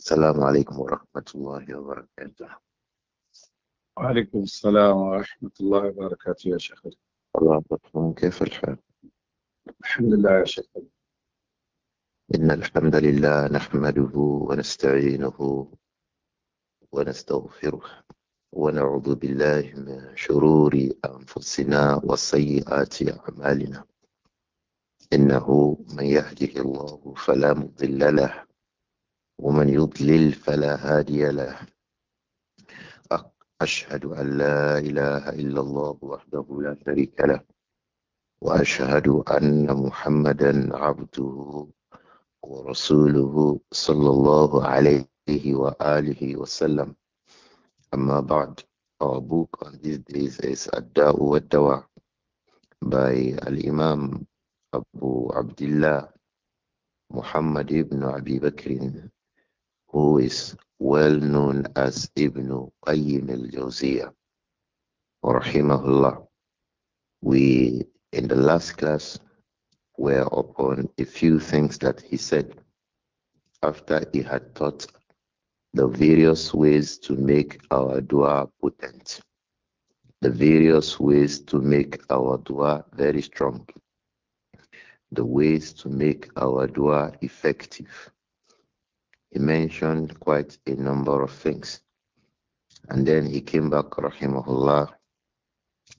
السلام عليكم ورحمة الله وبركاته وعليكم السلام ورحمة الله وبركاته يا شيخ الله يبارك كيف الحال؟ الحمد لله يا شيخ إن الحمد لله نحمده ونستعينه ونستغفره ونعوذ بالله من شرور أنفسنا وسيئات أعمالنا إنه من يهده الله فلا مضل له ومن يضلل فلا هادي له أشهد أن لا إله إلا الله وحده لا شريك له وأشهد أن محمدا عبده ورسوله صلى الله عليه وآله وسلم أما بعد our book on these days is Ad-Da'u wa dawa by الإمام أبو عبد الله محمد بن Abi بكر who is well known as Ibn Qayyim al-Jawziyah, rahimahullah. We, in the last class, were upon a few things that he said after he had taught the various ways to make our dua potent, the various ways to make our dua very strong, the ways to make our dua effective he mentioned quite a number of things. And then he came back, rahimahullah,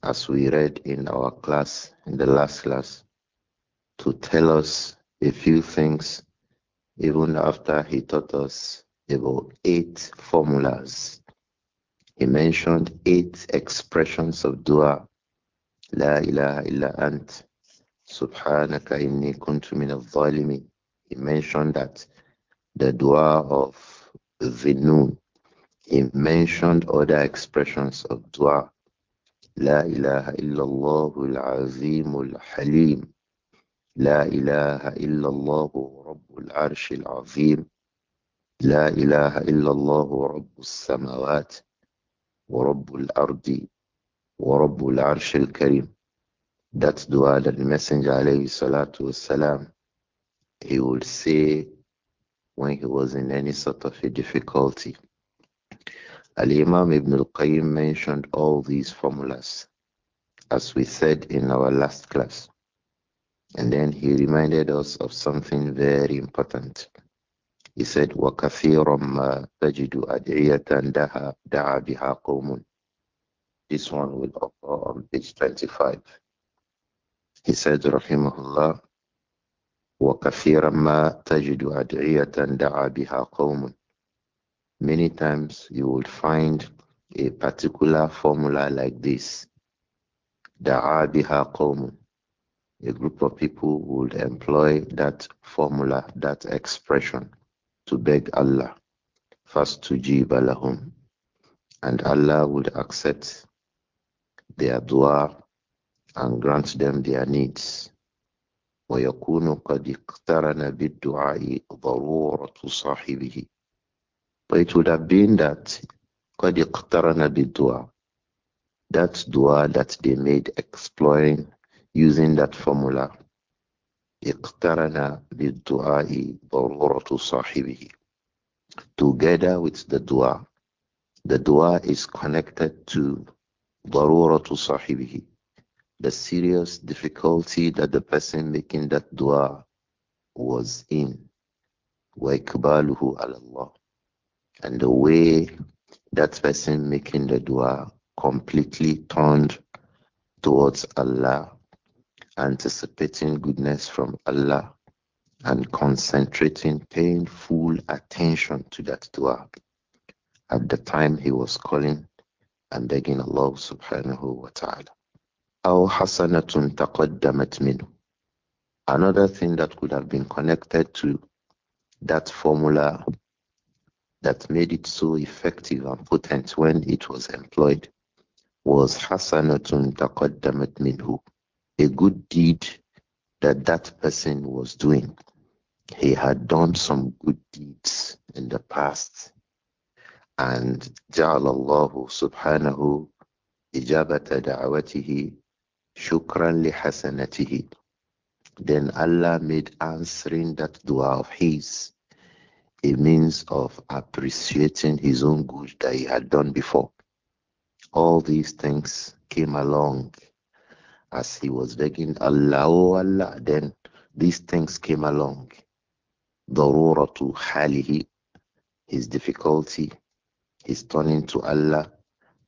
as we read in our class, in the last class, to tell us a few things, even after he taught us about eight formulas. He mentioned eight expressions of dua. La ilaha illa ant. Subhanaka inni kuntu min al He mentioned that the dua of Zinu. He mentioned other expressions of dua. لا إله إلا الله العظيم الحليم لا إله إلا الله رب العرش العظيم لا إله إلا الله رب السماوات ورب الأرض ورب العرش الكريم That dua that the Messenger عليه الصلاة والسلام he will say when he was in any sort of a difficulty. Al Imam ibn al Qayyim mentioned all these formulas, as we said in our last class. And then he reminded us of something very important. He said, وَكَثِيرًا مَا تَجِدُ أَدْعِيَةً دَعَا بِهَا قَوْمٌ This one will occur on page 25. He said, "Rahimahullah." وَكَثِيرًا مَا تَجِدُ أَدْعِيَةً بِهَا قَوْمٌ Many times you will find a particular formula like this. دَعَى بِهَا قَوْمٌ A group of people would employ that formula, that expression to beg Allah. First to lahum. And Allah would accept their dua and grant them their needs. ويكون قد اقترن بالدعاء ضرورة صاحبه but it would have been that قد اقترن بالدعاء that dua that they made exploring using that formula اقترن بالدعاء ضرورة صاحبه together with the dua the dua is connected to ضرورة صاحبه the serious difficulty that the person making that dua was in. وَإِقْبَالُهُ عَلَى اللَّهِ And the way that person making the dua completely turned towards Allah, anticipating goodness from Allah, and concentrating painful attention to that dua. At the time he was calling and begging Allah subhanahu wa ta'ala. أو حسنة تقدمت منه Another thing that could have been connected to that formula that made it so effective and potent when it was employed was hasanatun taqaddamat minhu, a good deed that that person was doing. He had done some good deeds in the past, and ja'alallahu subhanahu ijabata da'watihi Shukran li hasanatihi. Then Allah made answering that dua of his a means of appreciating his own good that he had done before. All these things came along as he was begging Allah, oh Allah. Then these things came along. Daruratu halihi, his difficulty, his turning to Allah,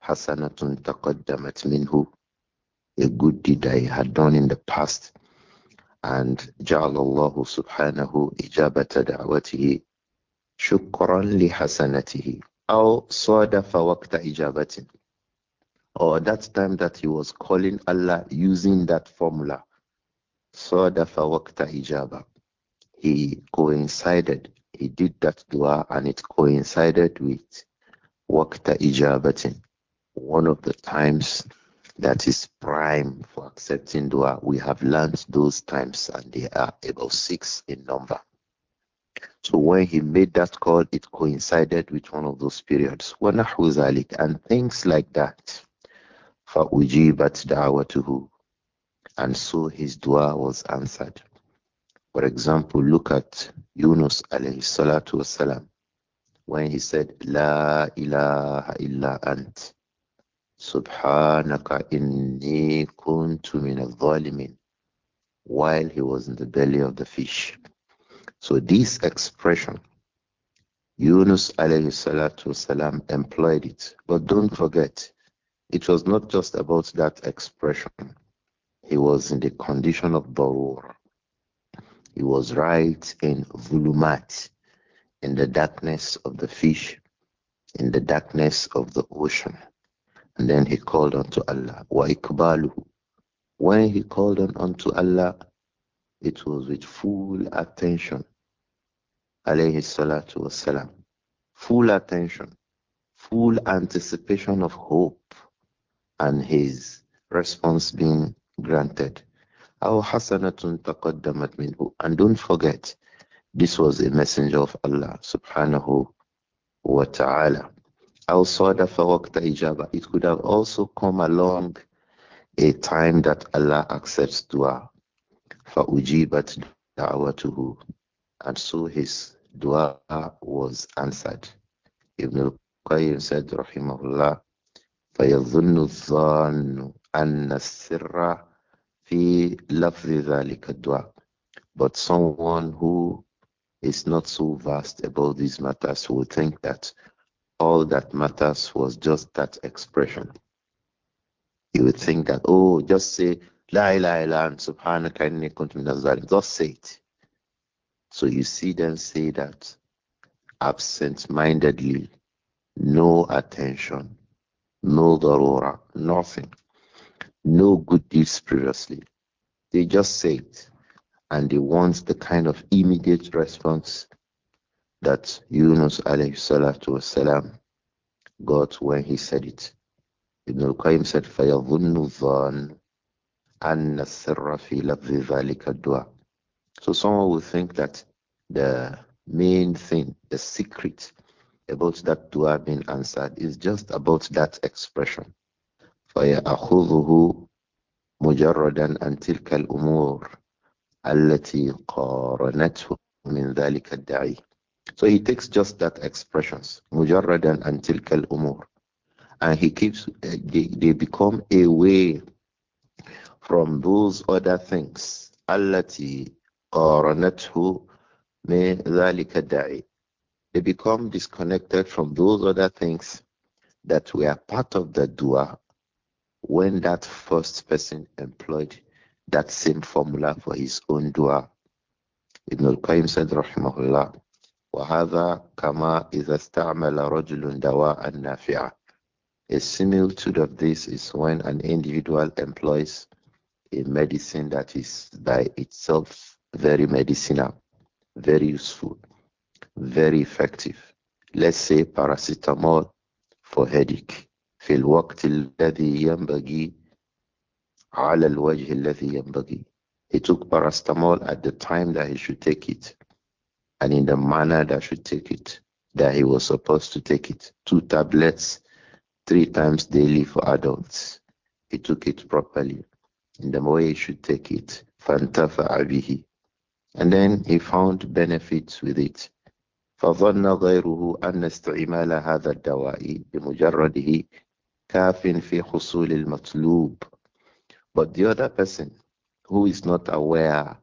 hasanatun taqaddamat minhu, a good deed I had done in the past. And Jalla Allahu subhanahu ijabata da'watihi shukran li hasanatihi. Aw sawadafa waqta ijabatin. Or that time that he was calling Allah using that formula. Sawadafa waqta ijaba. He coincided. He did that dua and it coincided with waqta ijabatin. One of the times that is prime for accepting dua. We have learned those times and they are about six in number. So when he made that call, it coincided with one of those periods. And things like that. فَأُجِيبَتْ دَعْوَتُهُ And so his dua was answered. For example, look at Yunus alayhi salatu wasalam when he said, La ilaha illa ant. Subhanaka inni kuntu min al while he was in the belly of the fish. So this expression, Yunus alayhi salatu salam employed it. But don't forget, it was not just about that expression. He was in the condition of Barur. He was right in Vulumat, in the darkness of the fish, in the darkness of the ocean. And then he called unto Allah. Wa When he called on unto Allah, it was with full attention. Alayhi salatu wasalam. Full attention, full anticipation of hope and his response being granted. Our And don't forget, this was a messenger of Allah subhanahu wa ta'ala. It could have also come along a time that Allah accepts dua. فَأُجِيبَتْ دَعْوَتُهُ And so his dua was answered. Ibn al-Qayyim said, rahimahullah, فَيَظُنُّ الظَّانُ أَنَّ السِّرَّ فِي لَفْظِ ذَلِكَ الدُّعَى But someone who is not so vast about these matters will think that all that matters was just that expression. You would think that, oh, just say, La ilaha illa subhanaka inni kuntu minaz Just say it. So you see them say that absent-mindedly, no attention, no darura, nothing, no good deeds previously. They just say it, and they want the kind of immediate response that Yunus alayhi salatu salam got when he said it. Ibn al-Qayyim said, فَيَظُنُّ الظَّانُ أَنَّ السِّرَّ فِي لَفْظِ ذَلِكَ الدُّعَى So someone will think that the main thing, the secret about that dua being answered is just about that expression. فَيَأَخُذُهُ مجردا عن تلك الأمور التي قارنته من ذلك الدعي so he takes just that expressions, mujarradan and tilkal umur. And he keeps, uh, they, they become away from those other things. Allati or min dhalika They become disconnected from those other things that were part of the dua when that first person employed that same formula for his own dua. Ibn al-Qayyim said, rahimahullah, وهذا كما إذا استعمل رجل دواء نافعا A similitude of this is when an individual employs a medicine that is by itself very medicinal, very useful, very effective. Let's say paracetamol for headache. في الوقت الذي ينبغي على الوجه الذي ينبغي. He took paracetamol at the time that he should take it and in the manner that should take it, that he was supposed to take it. Two tablets, three times daily for adults. He took it properly, in the way he should take it. Fantafa abihi. And then he found benefits with it. فظن غيره أن استعمال هذا الدواء بمجرده كاف في حصول المطلوب. But the other person who is not aware,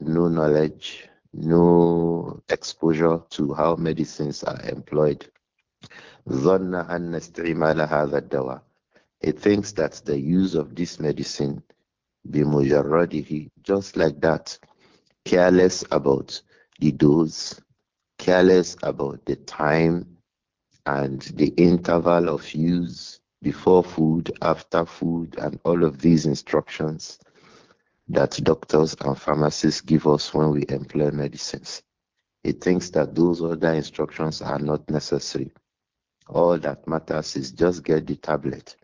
no knowledge no exposure to how medicines are employed. ظَنَّ أَنَّ اسْتِعْمَالَ هَذَا He thinks that the use of this medicine, بِمُجَرَّدِهِ Just like that, careless about the dose, careless about the time and the interval of use before food, after food, and all of these instructions that doctors and pharmacists give us when we employ medicines. He thinks that those other instructions are not necessary. All that matters is just get the tablet.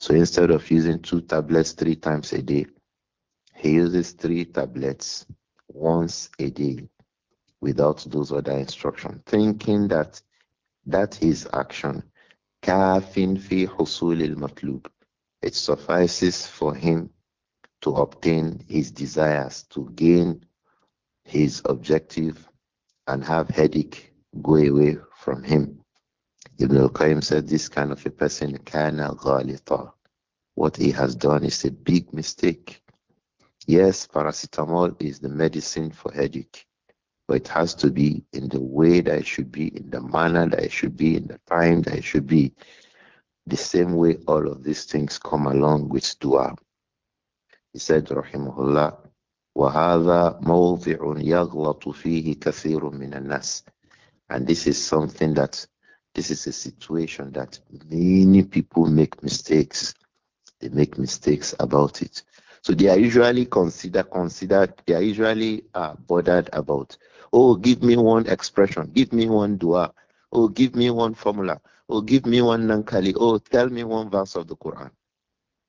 So instead of using two tablets three times a day, he uses three tablets once a day without those other instructions, thinking that that is action, fi husul matlub, it suffices for him to obtain his desires, to gain his objective, and have headache go away from him. Ibn al-Qayyim said this kind of a person, kana ghalita. What he has done is a big mistake. Yes, paracetamol is the medicine for headache, but it has to be in the way that it should be, in the manner that it should be, in the time that it should be. The same way all of these things come along with dua. He said, Rahimahullah, وَهَذَا مَوْضِعٌ يَغْلَطُ فِيهِ كَثِيرٌ مِنَ النَّاسِ And this is something that, this is a situation that many people make mistakes. They make mistakes about it. So they are usually considered considered, they are usually uh, bothered about, oh, give me one expression, give me one dua, oh, give me one formula, oh, give me one nankali, oh, tell me one verse of the Quran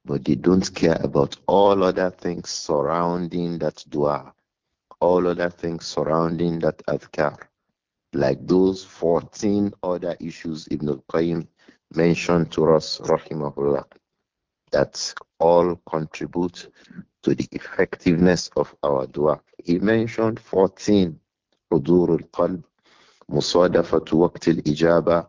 but they don't care about all other things surrounding that dua, all other things surrounding that adhkar, like those 14 other issues Ibn al-Qayyim mentioned to us, rahimahullah, that all contribute to the effectiveness of our dua. He mentioned 14, حضور القلب, مصادفة وقت الإجابة,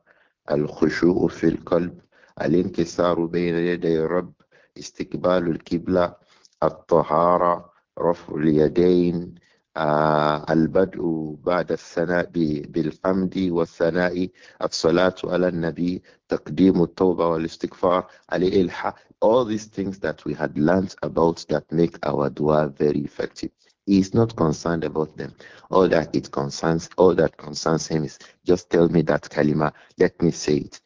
الخشوع في القلب, الانكسار بين يدي الرب, استقبال القبلة الطهارة رفع اليدين آه البدء بعد الثناء بالحمد والثناء الصلاة على النبي تقديم التوبة والاستغفار عليه الحق all these things that we had learned about that make our dua very effective he is not concerned about them. All that it concerns, all that concerns him is just tell me that kalima, let me say it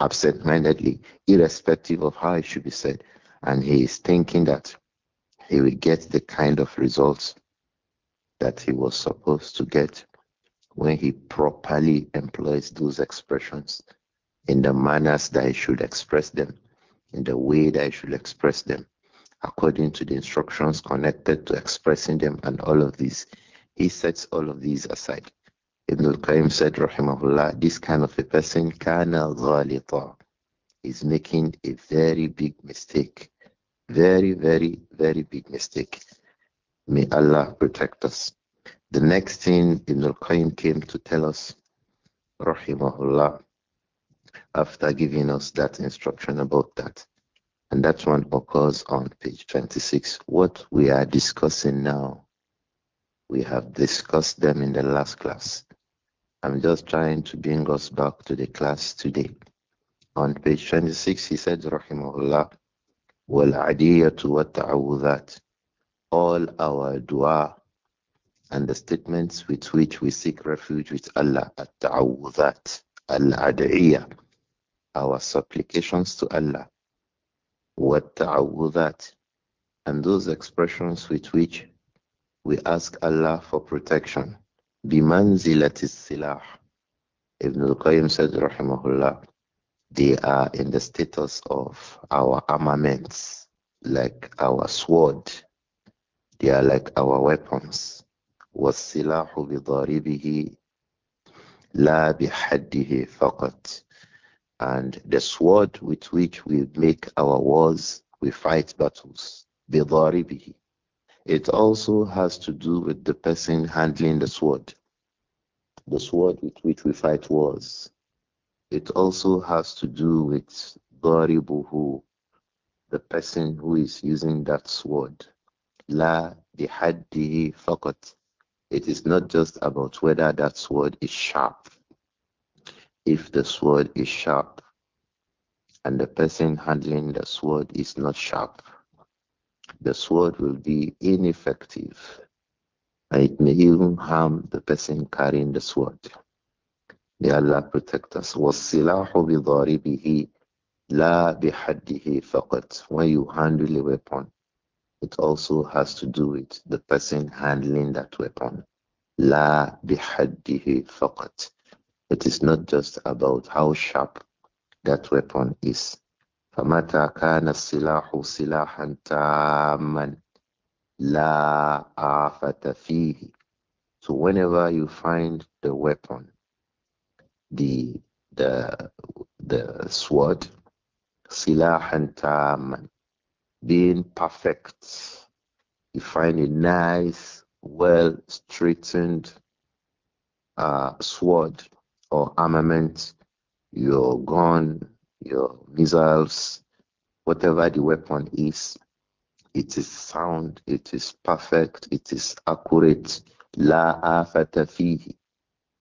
absent-mindedly, irrespective of how it should be said and he is thinking that he will get the kind of results that he was supposed to get when he properly employs those expressions in the manners that he should express them, in the way that he should express them, according to the instructions connected to expressing them, and all of these. He sets all of these aside. Ibn al-Qayyim said, Rahimahullah, this kind of a person, kana ghalita, is making a very big mistake. Very, very, very big mistake. May Allah protect us. The next thing Ibn al-Qayyim came to tell us, rahimahullah, after giving us that instruction about that, and that one occurs on page 26. What we are discussing now, we have discussed them in the last class. I'm just trying to bring us back to the class today. On page 26, he said, rahimahullah, what والتعوذات all our dua and the statements with which we seek refuge with Allah التعوذات العدعية our supplications to Allah والتعوذات and those expressions with which we ask Allah for protection بمنزلة silah. Ibn al-Qayyim said rahimahullah they are in the status of our armaments, like our sword. They are like our weapons. والسلاح بضاربه لا بحده فقط and the sword with which we make our wars, we fight battles. Bidaribihi. It also has to do with the person handling the sword. The sword with which we fight wars. It also has to do with Daribuhu, the person who is using that sword. La bihaddihi fakat. It is not just about whether that sword is sharp. If the sword is sharp and the person handling the sword is not sharp, the sword will be ineffective. And it may even harm the person carrying the sword. May Allah protect us. وَالسِّلَاحُ بِضَارِبِهِ لَا بِحَدِّهِ فَقَطْ When you handle a weapon, it also has to do with the person handling that weapon. لا بحدّه فقط. It is not just about how sharp that weapon is. فمتى كان السلاح سلاحا تاما لا عافة فيه. So whenever you find the weapon the the the sword silahan taman um, being perfect you find a nice well straightened uh, sword or armament your gun your missiles whatever the weapon is it is sound it is perfect it is accurate la afata fihi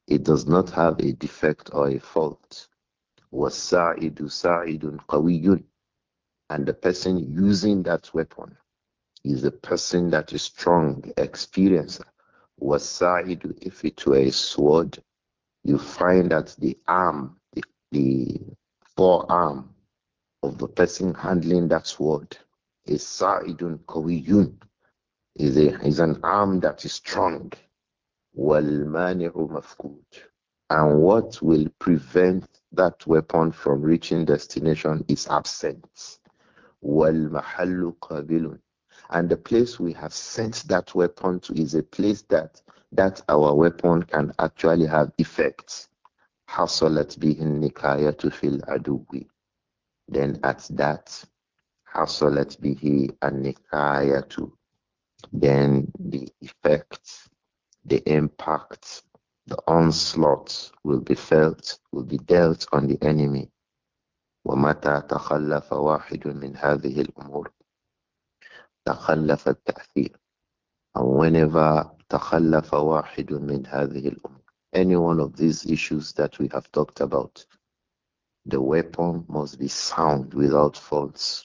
it does not have a defect or a fault. وَالسَّاعِدُ سَاعِدٌ And the person using that weapon is a person that is strong, experienced. وَالسَّاعِدُ If it were a sword, you find that the arm, the, the forearm of the person handling that sword is sa'idun kawiyun, is, a, is an arm that is strong. وَالْمَانِعُ مَفْقُودٌ And what will prevent that weapon from reaching destination is absent. وَالْمَحَلُّ قَابِلٌ And the place we have sent that weapon to is a place that that our weapon can actually have effects. حصلت به النكاية في العدو Then at that, حصلت به النكاية Then the effects the impact, the onslaught will be felt, will be dealt on the enemy. ومتى تخلف واحد من هذه الأمور تخلف التأثير and whenever تخلف واحد من هذه الأمور any one of these issues that we have talked about the weapon must be sound without faults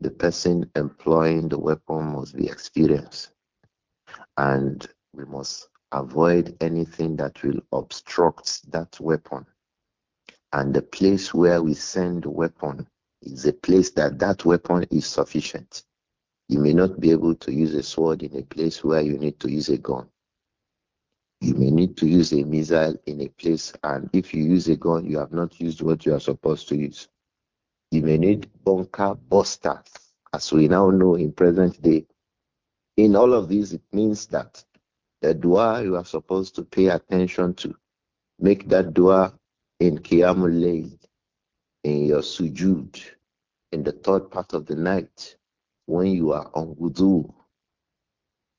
the person employing the weapon must be experienced and we must avoid anything that will obstruct that weapon. And the place where we send weapon is a place that that weapon is sufficient. You may not be able to use a sword in a place where you need to use a gun. You may need to use a missile in a place, and if you use a gun, you have not used what you are supposed to use. You may need bunker buster, as we now know in present day. In all of these, it means that the dua you are supposed to pay attention to. Make that dua in Qiyamul Layl, in your sujud, in the third part of the night, when you are on wudu,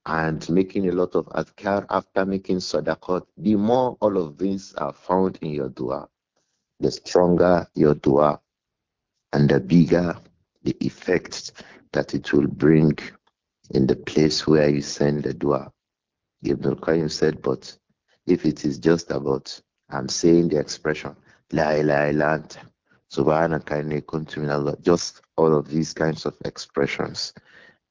and making a lot of adkar after making sadaqat. The more all of these are found in your dua, the stronger your dua, and the bigger the effect that it will bring in the place where you send the dua. Ibn Qayyim said, but if it is just about, I'm saying the expression, La ilaha illa anta, subhanaka inni kuntu minallah, just all of these kinds of expressions,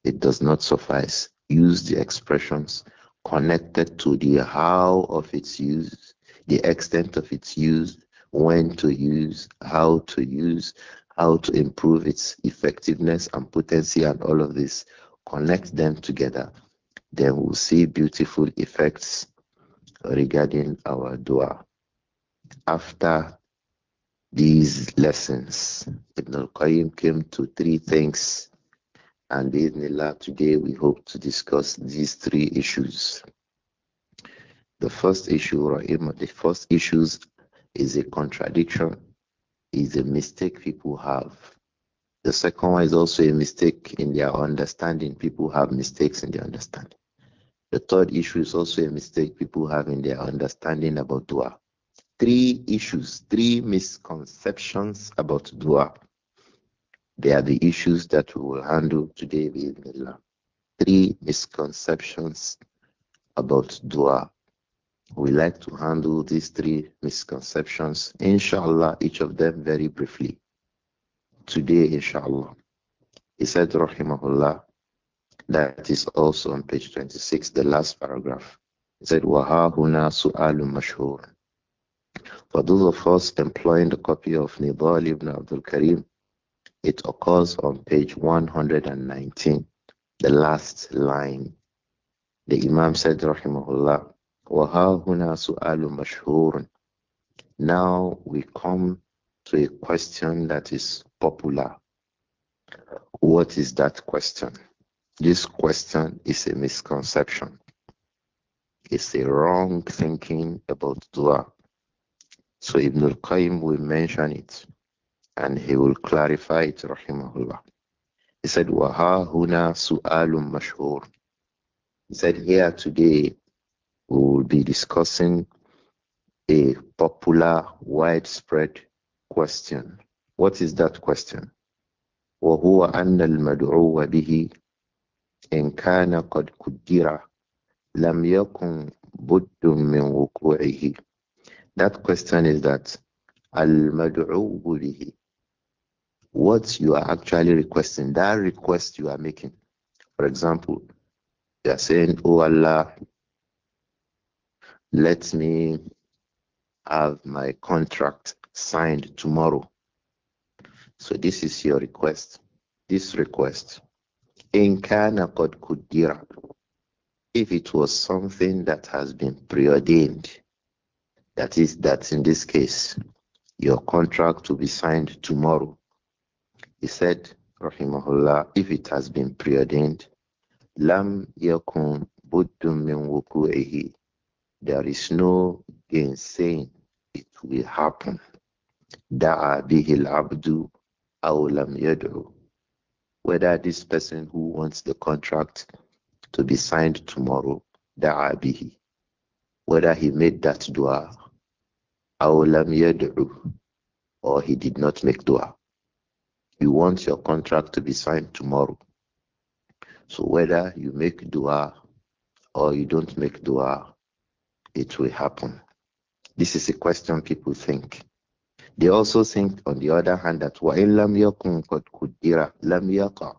it does not suffice. Use the expressions connected to the how of its use, the extent of its use, when to use, how to use, how to improve its effectiveness and potency, and all of this. Connect them together then we'll see beautiful effects regarding our dua. After these lessons, Ibn al-Qayyim came to three things and lab today we hope to discuss these three issues. The first issue, Rahim, the first issues is a contradiction, is a mistake people have. The second one is also a mistake in their understanding. People have mistakes in their understanding. The third issue is also a mistake people have in their understanding about dua. Three issues, three misconceptions about dua. They are the issues that we will handle today with Allah. Three misconceptions about dua. We like to handle these three misconceptions, inshallah, each of them very briefly. Today, inshallah. He said, Rahimahullah, that is also on page 26, the last paragraph. It said, Wahahuna suālu mashhur. For those of us employing the copy of Nidal ibn Abdul Karim, it occurs on page 119, the last line. The Imam said, Rahimahullah, Wahahuna suālu mashhur. Now we come to a question that is popular. What is that question? This question is a misconception. It's a wrong thinking about dua. So Ibn al-Qayyim will mention it and he will clarify it, rahimahullah. He said, Waha huna su'alum mashhur. He said, Here today we will be discussing a popular, widespread question. What is that question? وهو أن المدعو به إن كان قد قدر لم يكن بد من وقوعه That question is that المدعو به What you are actually requesting, that request you are making. For example, you are saying, Oh Allah, let me have my contract signed tomorrow. So this is your request. This request in kana qad kudira. If it was something that has been preordained, that is, that in this case, your contract to be signed tomorrow. He said, Rahimahullah, if it has been preordained, Lam yakun buddum min wuku'ihi. There is no gainsaying it will happen. Da'a al abdu aw lam yad'u whether this person who wants the contract to be signed tomorrow, da'abihi, whether he made that dua, or he did not make dua. You want your contract to be signed tomorrow. So whether you make dua or you don't make dua, it will happen. This is a question people think. They also think, on the other hand, that وَإِن لَمْ يَكُنْ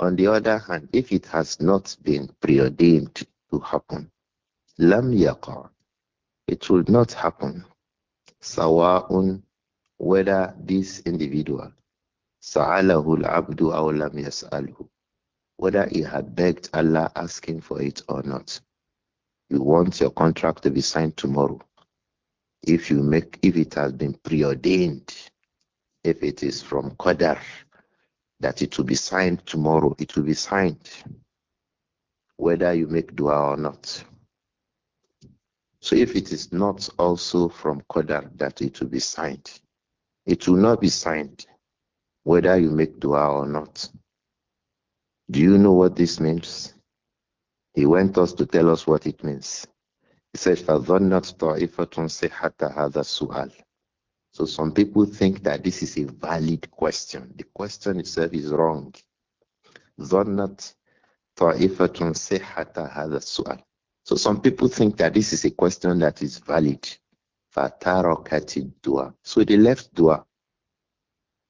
On the other hand, if it has not been preordained to happen, lam It will not happen. سَوَاءٌ Whether this individual سَعَلَهُ الْعَبْدُ أَوْ لَمْ يَسْأَلْهُ Whether he had begged Allah asking for it or not. You want your contract to be signed tomorrow if you make if it has been preordained if it is from qadar that it will be signed tomorrow it will be signed whether you make dua or not so if it is not also from qadar that it will be signed it will not be signed whether you make dua or not do you know what this means he wants us to tell us what it means he said, فَظَنَّتْ طَائِفَةٌ صِحَّةَ هَذَا السُّؤَالِ So some people think that this is a valid question. The question itself is wrong. ظَنَّتْ طَائِفَةٌ صِحَّةَ هَذَا السُّؤَالِ So some people think that this is a question that is valid. فَتَرَكَتِ dua. So they left dua.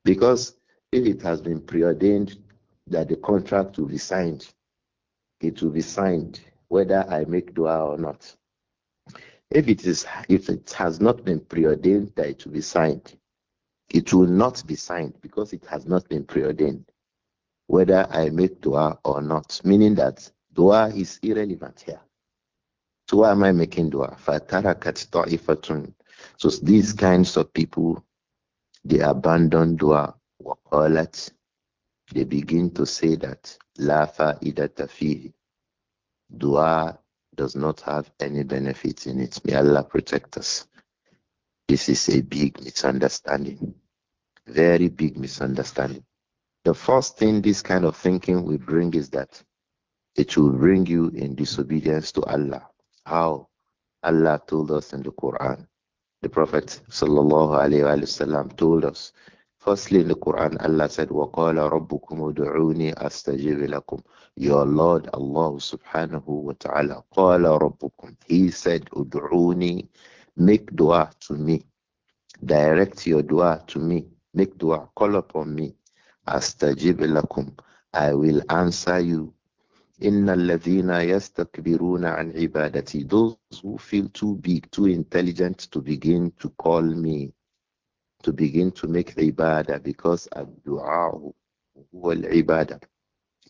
Because if it has been preordained that the contract will be signed, it will be signed whether I make dua or not. If it is, if it has not been preordained that it will be signed, it will not be signed because it has not been preordained, whether I make dua or not. Meaning that dua is irrelevant here. So why am I making dua? Fatarakat ta'ifatun. So these kinds of people, they abandon dua waqalat. They begin to say that la fa'idata fihi. Dua does not have any benefit in it. May Allah protect us. This is a big misunderstanding, very big misunderstanding. The first thing this kind of thinking will bring is that it will bring you in disobedience to Allah. How Allah told us in the Quran, the Prophet وسلم, told us. Firstly, in the Quran, Allah said, وَقَالَ رَبُّكُمُ ادْعُونِي أَسْتَجِبْ لَكُمْ your Lord Allah subhanahu wa ta'ala qala rabbukum. He said, Ud'uni, make dua to me. Direct your dua to me. Make dua, call upon me. Astajib lakum. I will answer you. Inna alladhina yastakbiruna an ibadati. Those who feel too big, too intelligent to begin to call me, to begin to make ibadah because ad-du'a huwa al-ibadah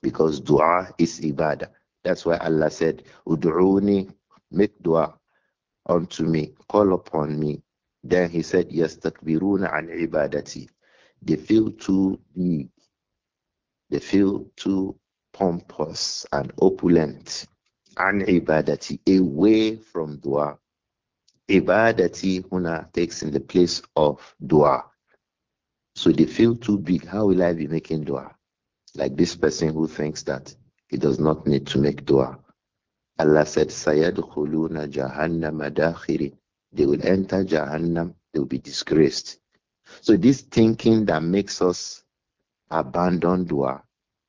because dua is ibadah. That's why Allah said, Udu'uni, make dua unto me, call upon me. Then he said, Yastakbiruna an ibadati. They feel too big. They feel too pompous and opulent. An ibadati, away from dua. Ibadati huna takes in the place of dua. So they feel too big. How will I be making dua? Like this person who thinks that he does not need to make dua. Allah said, Sayadkhuluna Jahannam adakhirin. They will enter Jahannam, they will be disgraced. So this thinking that makes us abandon dua,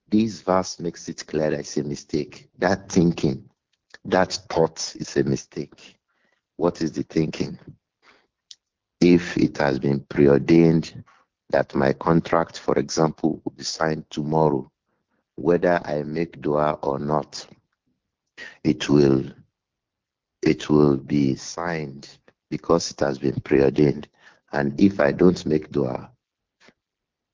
this verse makes it clear that it's a mistake. That thinking, that thought is a mistake. What is the thinking? If it has been preordained that my contract, for example, will be signed tomorrow, whether I make dua or not, it will it will be signed because it has been preordained. And if I don't make dua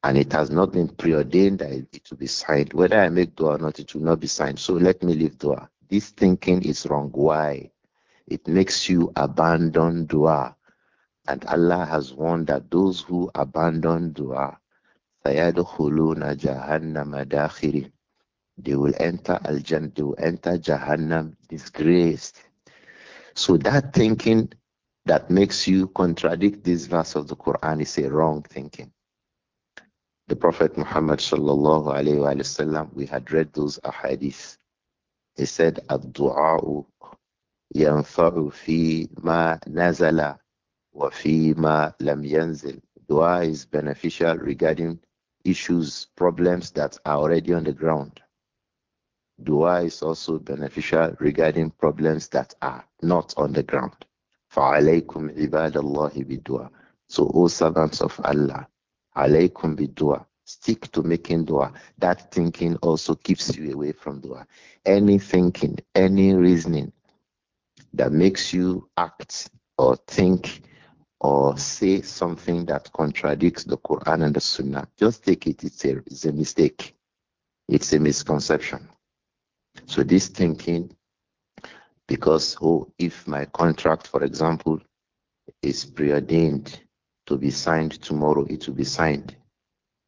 and it has not been preordained that it will be signed, whether I make dua or not, it will not be signed. So let me leave dua. This thinking is wrong. Why? It makes you abandon dua. And Allah has warned that those who abandon dua, فَيَدْخُلُونَ جَهَنَّمَ دَاخِرِينَ They will enter Al-Jannah, they will enter Jahannam disgraced. So that thinking that makes you contradict this verse of the Quran is a wrong thinking. The Prophet Muhammad sallallahu alayhi wa sallam, we had read those ahadith. He said, الدُّعَاءُ يَنْفَعُ فِي مَا نَزَلَ Wafima لَمْ Dua is beneficial regarding issues, problems that are already on the ground. Dua is also beneficial regarding problems that are not on the ground. فَعَلَيْكُمْ عِبَادَ اللَّهِ بِدُعَى So, O servants of Allah, عَلَيْكُمْ dua Stick to making dua. That thinking also keeps you away from dua. Any thinking, any reasoning that makes you act or think or say something that contradicts the Quran and the Sunnah, just take it. It's a, it's a mistake. It's a misconception. So this thinking, because oh, if my contract, for example, is preordained to be signed tomorrow, it will be signed,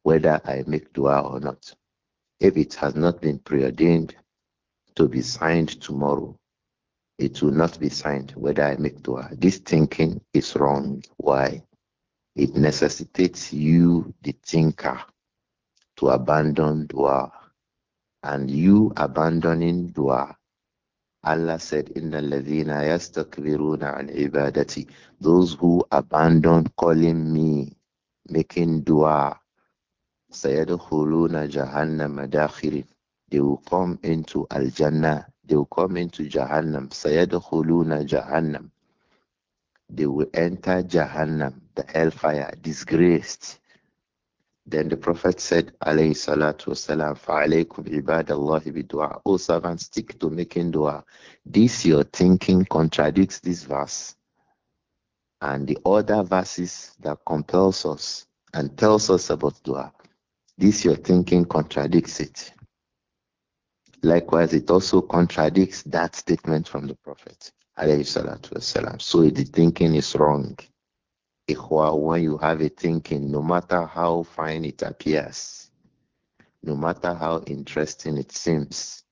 whether I make dua or not. If it has not been preordained to be signed tomorrow, it will not be signed whether I make dua. This thinking is wrong. Why? It necessitates you, the thinker, to abandon dua. And you abandoning dua, Allah said, Inna ladhina yastakbiruna an ibadati. Those who abandon calling me, making dua, sayadkhuluna jahannam madakhirin. They will come into al-jannah they will come into Jahannam. Sayadkhuluna Jahannam. They will enter Jahannam, the hellfire, disgraced. Then the Prophet said, alayhi salatu wasalam, fa'alaykum ibadallahi bidua. O servants, stick to making dua. This your thinking contradicts this verse and the other verses that compels us and tells us about dua. This your thinking contradicts it. Likewise, it also contradicts that statement from the Prophet. So the thinking is wrong. When you have a thinking, no matter how fine it appears, no matter how interesting it seems,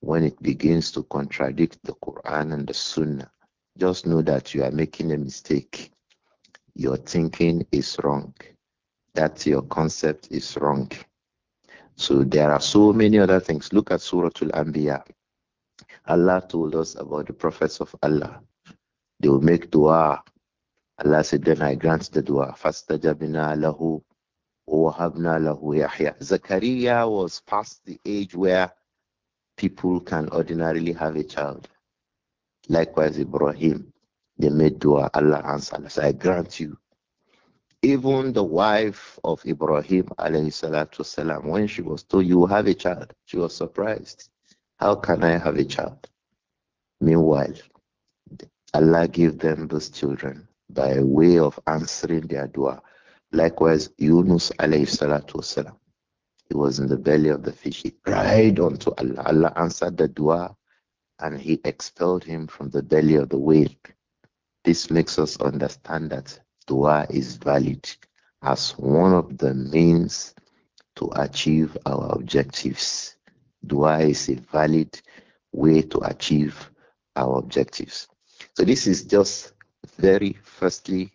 when it begins to contradict the Quran and the Sunnah, just know that you are making a mistake. Your thinking is wrong. That your concept is wrong. So there are so many other things. Look at Surah Al-Anbiya. Allah told us about the prophets of Allah. They will make dua. Allah said, then I grant the dua. Fastajabina lahu wahabna lahu Yahya. Zakaria was past the age where people can ordinarily have a child. Likewise, Ibrahim, they made dua. Allah answered. I grant you even the wife of Ibrahim salam, when she was told you have a child, she was surprised. How can I have a child? Meanwhile, Allah gave them those children by way of answering their dua. Likewise, Yunus salam, he was in the belly of the fish. He cried unto Allah. Allah answered the dua and he expelled him from the belly of the whale. This makes us understand that dua is valid as one of the means to achieve our objectives. Dua is a valid way to achieve our objectives. So this is just very firstly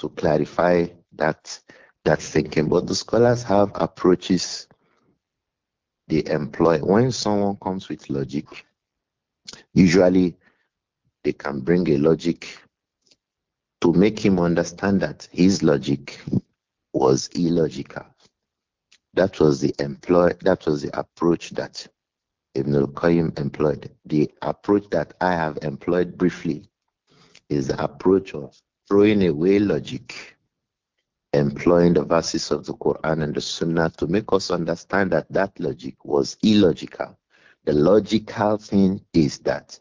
to clarify that that thinking. But the scholars have approaches they employ. When someone comes with logic, usually they can bring a logic to make him understand that his logic was illogical. That was the employ that was the approach that Ibn al-Qayyim employed. The approach that I have employed briefly is the approach of throwing away logic, employing the verses of the Quran and the Sunnah to make us understand that that logic was illogical. The logical thing is that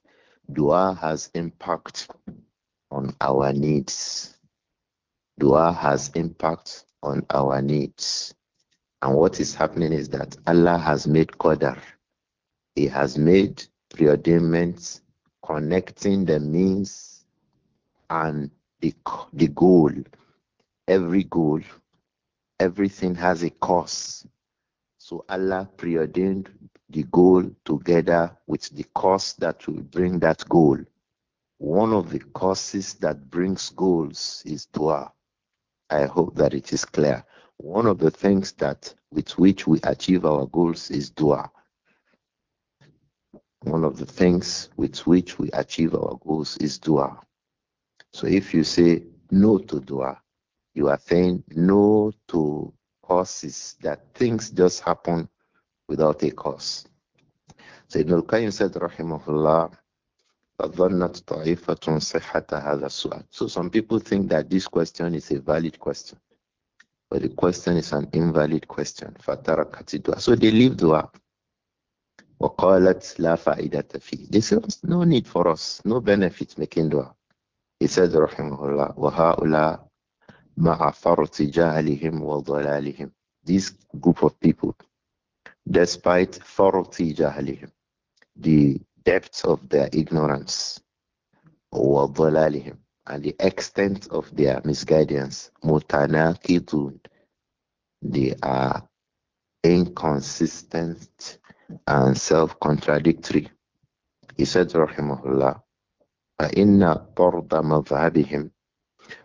dua has impact on our needs. Dua has impact on our needs. And what is happening is that Allah has made qadar. He has made preordainment connecting the means and the, the goal. Every goal, everything has a cause. So Allah preordained the goal together with the cause that will bring that goal one of the causes that brings goals is dua. I hope that it is clear. One of the things that with which we achieve our goals is dua. One of the things with which we achieve our goals is dua. So if you say no to dua, you are saying no to causes that things just happen without a cause. So Ibn al-Qayyim said, rahimahullah, so some people think that this question is a valid question. But the question is an invalid question. فتركت الدعاء. So they leave dua. وقالت لا فائدة فيه. They say no need for us, no benefit making dua. He said رحمه wahala وهؤلاء مع فرط جهلهم وضلالهم. This group of people, despite فرط جهلهم, the depth of their ignorance وَضَلَالِهِمْ and the extent of their misguidance مُتَنَاقِضُونَ they are inconsistent and self-contradictory he said rahimahullah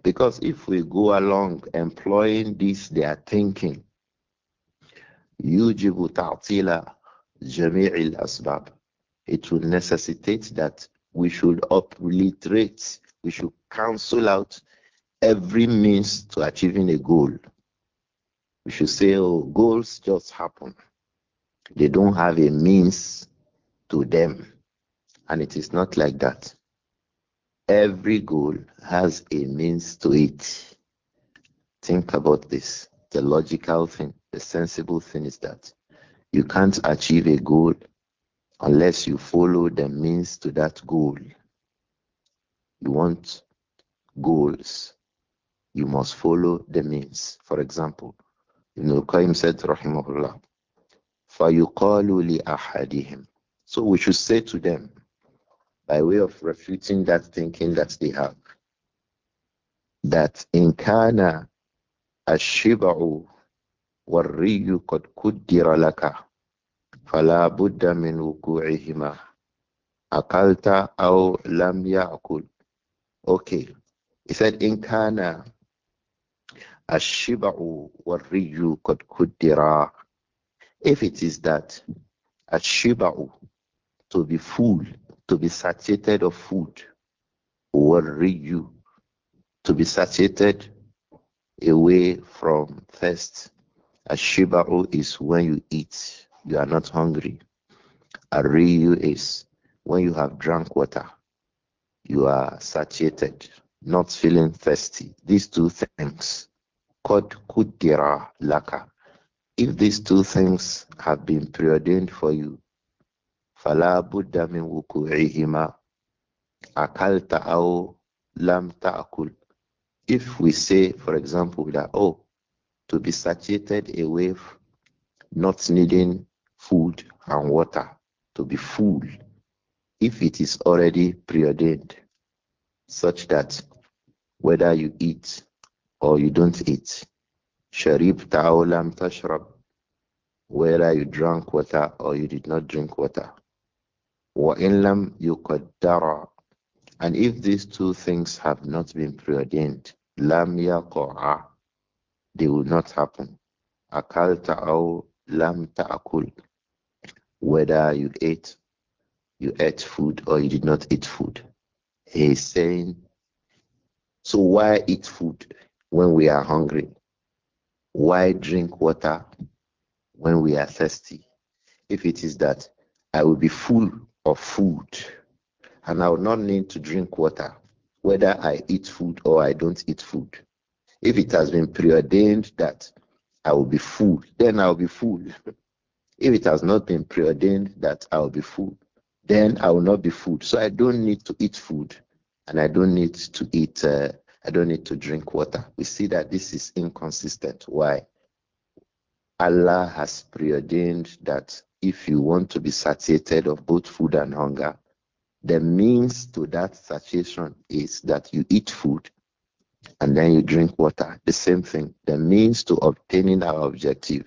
because if we go along employing this their thinking يُجِبُ تَعْطِيلَ جَمِيعِ الْأَسْبَابِ it will necessitate that we should obliterate, we should cancel out every means to achieving a goal. We should say, oh, goals just happen. They don't have a means to them. And it is not like that. Every goal has a means to it. Think about this. The logical thing, the sensible thing is that you can't achieve a goal unless you follow the means to that goal. You want goals, you must follow the means. For example, Ibn al-Qayyim said, Rahimahullah, فَيُقَالُ لِأَحَدِهِمْ So we should say to them, by way of refuting that thinking that they have, that in kana الشبع والري قد قدر لك فلا بد من وقوعهما أكلت أو لم يأكل okay he said إن كان الشبع والري قد قدرا if it is that الشبع to be full to be satiated of food والري to be satiated away from thirst الشبع is when you eat you are not hungry. A Ariyu is when you have drunk water, you are satiated, not feeling thirsty. These two things, kod kudira laka. If these two things have been preordained for you, fala buddha min wuku'ihima akal aw lam taakul. If we say, for example, that oh, to be satiated away, not needing food and water to be full if it is already preordained, such that whether you eat or you don't eat, sharib ta'ulam tashrab, whether you drank water or you did not drink water, wa inlam yuqaddara, and if these two things have not been preordained, lam yaqa'a, they will not happen. Akalta aw lam ta'akul. Ta whether you ate you ate food or you did not eat food. He's saying, so why eat food when we are hungry? Why drink water when we are thirsty? If it is that I will be full of food and I will not need to drink water, whether I eat food or I don't eat food. If it has been preordained that I will be full, then I will be full. If it has not been preordained that I will be full, then I will not be full. So I don't need to eat food, and I don't need to eat. Uh, I don't need to drink water. We see that this is inconsistent. Why? Allah has preordained that if you want to be satiated of both food and hunger, the means to that satiation is that you eat food and then you drink water. The same thing. The means to obtaining our objective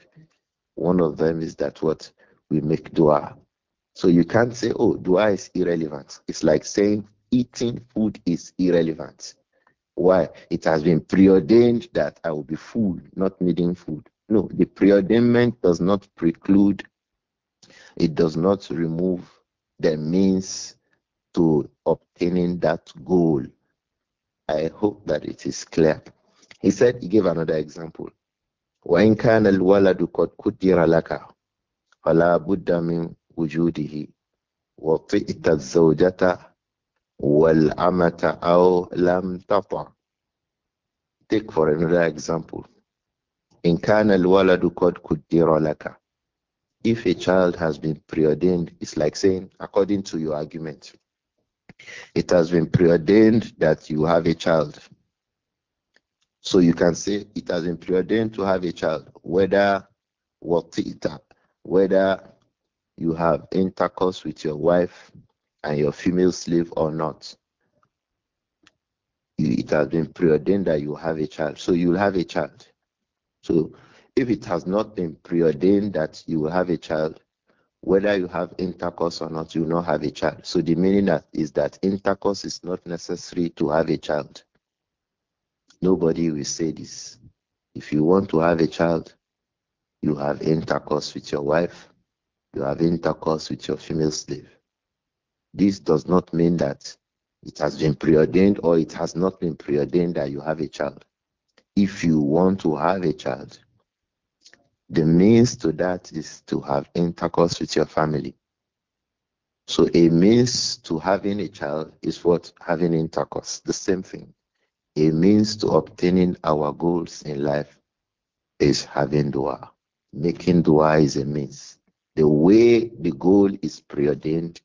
one of them is that what we make dua. So you can't say, oh, dua is irrelevant. It's like saying eating food is irrelevant. Why? It has been preordained that I will be full, not needing food. No, the preordainment does not preclude, it does not remove the means to obtaining that goal. I hope that it is clear. He said he gave another example. وإن كان الولد قد قدر لك فلا بد من وجوده وطئت الزوجة والأمة أو لم تطع Take for another example. If a child has been preordained, it's like saying, according to your argument, it has been preordained that you have a child. So you can say it has been preordained to have a child, whether whether you have intercourse with your wife and your female slave or not. It has been preordained that you have a child. So you'll have a child. So if it has not been preordained that you will have a child, whether you have intercourse or not, you will not have a child. So the meaning that is that intercourse is not necessary to have a child. Nobody will say this. If you want to have a child, you have intercourse with your wife, you have intercourse with your female slave. This does not mean that it has been preordained or it has not been preordained that you have a child. If you want to have a child, the means to that is to have intercourse with your family. So, a means to having a child is what having intercourse, the same thing a means to obtaining our goals in life is having dua. Making dua is a means. The way the goal is preordained,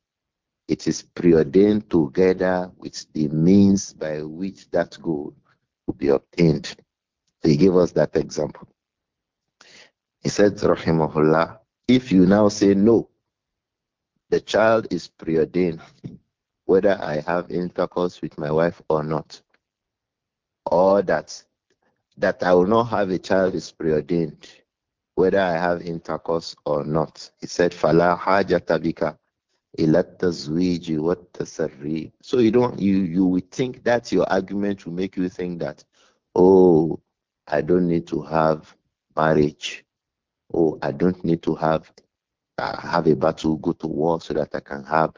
it is preordained together with the means by which that goal will be obtained. He gave us that example. He said, Rahimahullah, if you now say no, the child is preordained, whether I have intercourse with my wife or not or that that I will not have a child is preordained, whether I have intercourse or not. He said, Fala hajatabika ilatazwiji what tasarri. So you don't you you would think that your argument will make you think that, oh, I don't need to have marriage. Oh, I don't need to have uh, have a battle, go to war so that I can have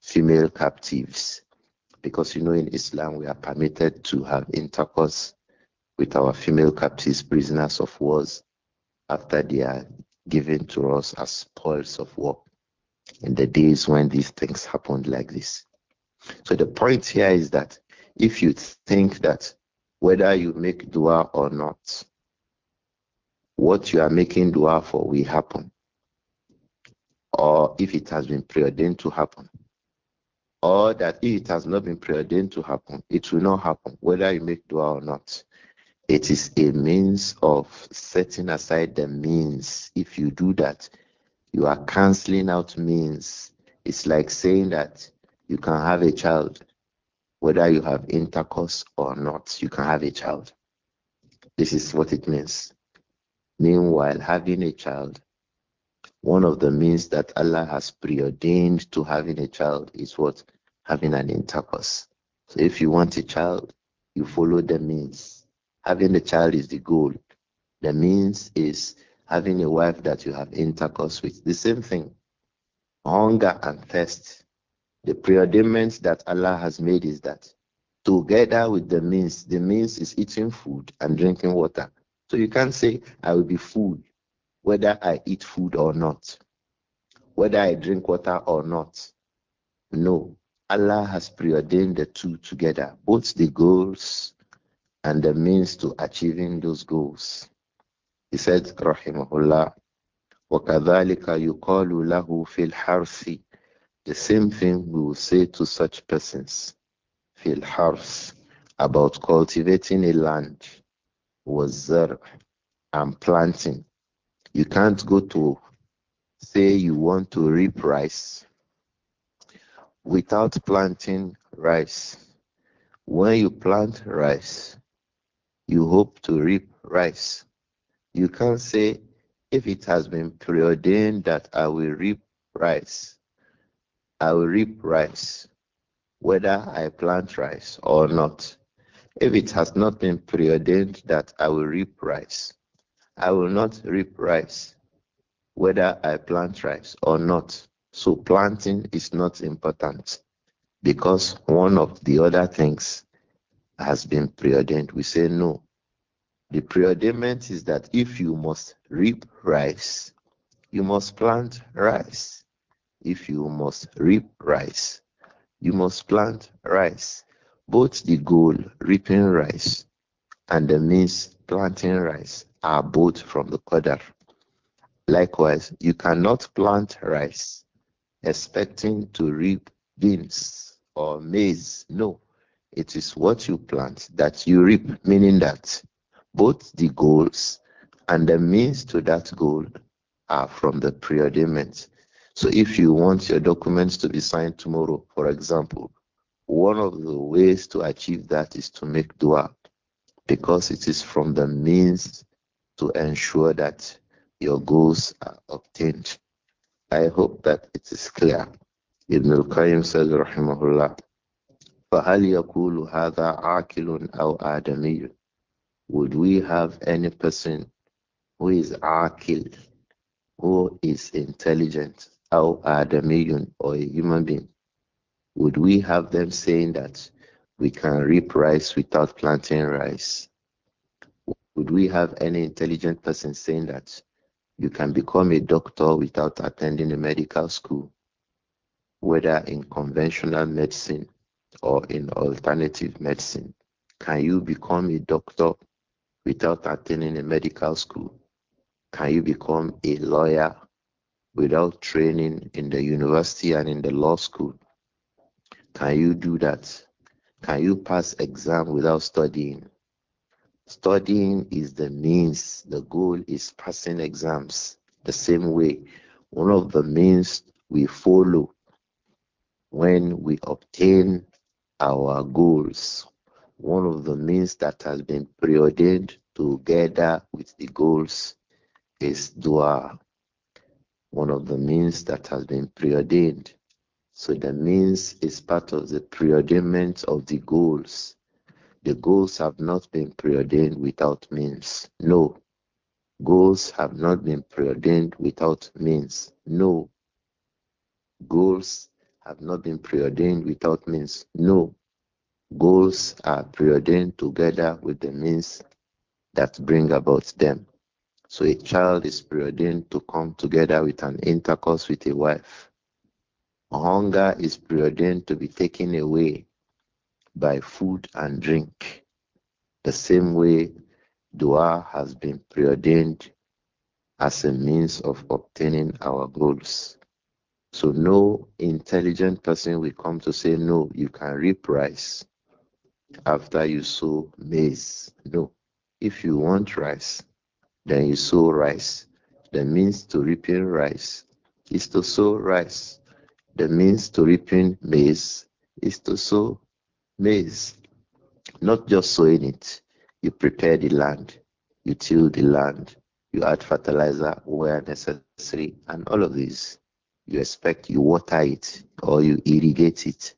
female captives because you know in Islam we are permitted to have intercourse with our female captives, prisoners of wars, after they are given to us as spoils of war in the days when these things happened like this. So the point here is that if you think that whether you make dua or not, what you are making dua for will happen, or if it has been preordained to happen, or that it has not been preordained to happen, it will not happen, whether you make dua or not. It is a means of setting aside the means. If you do that, you are canceling out means. It's like saying that you can have a child, whether you have intercourse or not, you can have a child. This is what it means. Meanwhile, having a child one of the means that Allah has preordained to having a child is what? Having an intercourse. So if you want a child, you follow the means. Having a child is the goal. The means is having a wife that you have intercourse with. The same thing. Hunger and thirst. The preordainment that Allah has made is that together with the means, the means is eating food and drinking water. So you can't say, I will be food whether I eat food or not, whether I drink water or not. No, Allah has preordained the two together, both the goals and the means to achieving those goals. He said, Rahimahullah, وَكَذَلِكَ يُقَالُ لَهُ فِي الْحَرْثِ The same thing we will say to such persons, فِي الْحَرْثِ, about cultivating a land, وَالزَّرْعِ, and planting, you can't go to say you want to reap rice without planting rice. When you plant rice, you hope to reap rice. You can't say, if it has been preordained that I will reap rice, I will reap rice, whether I plant rice or not. If it has not been preordained that I will reap rice, I will not reap rice, whether I plant rice or not. So planting is not important because one of the other things has been preordained. We say no. The preordainment is that if you must reap rice, you must plant rice. If you must reap rice, you must plant rice. Both the goal, reaping rice, and the means, planting rice are both from the Qadar. Likewise, you cannot plant rice expecting to reap beans or maize. No, it is what you plant that you reap, meaning that both the goals and the means to that goal are from the preordainment. So if you want your documents to be signed tomorrow, for example, one of the ways to achieve that is to make dua because it is from the means to ensure that your goals are obtained. I hope that it is clear. Ibn al-Qayyim says, rahimahullah, فَهَلْ يَقُولُ هَذَا عَاقِلٌ أَوْ آدَمِيٌّ Would we have any person who is aqil, who is intelligent, أو آدميٌّ, or a human being? Would we have them saying that we can reap rice without planting rice. Would we have any intelligent person saying that you can become a doctor without attending a medical school, whether in conventional medicine or in alternative medicine? Can you become a doctor without attending a medical school? Can you become a lawyer without training in the university and in the law school? Can you do that? Can you pass exam without studying? Studying is the means. The goal is passing exams. The same way, one of the means we follow when we obtain our goals, one of the means that has been preordained together with the goals is dua. One of the means that has been preordained so that means it's part of the preordainment of the goals. The goals have not been preordained without means. No. Goals have not been preordained without means. No. Goals have not been preordained without means. No. Goals are preordained together with the means that bring about them. So a child is preordained to come together with an intercourse with a wife Hunger is preordained to be taken away by food and drink. The same way dua has been preordained as a means of obtaining our goals. So no intelligent person will come to say, no, you can reap rice after you sow maize. No. If you want rice, then you sow rice. The means to reap rice is to sow rice. The means to reaping maize is to sow maize, not just sowing it. You prepare the land, you till the land, you add fertilizer where necessary, and all of these. You expect you water it or you irrigate it.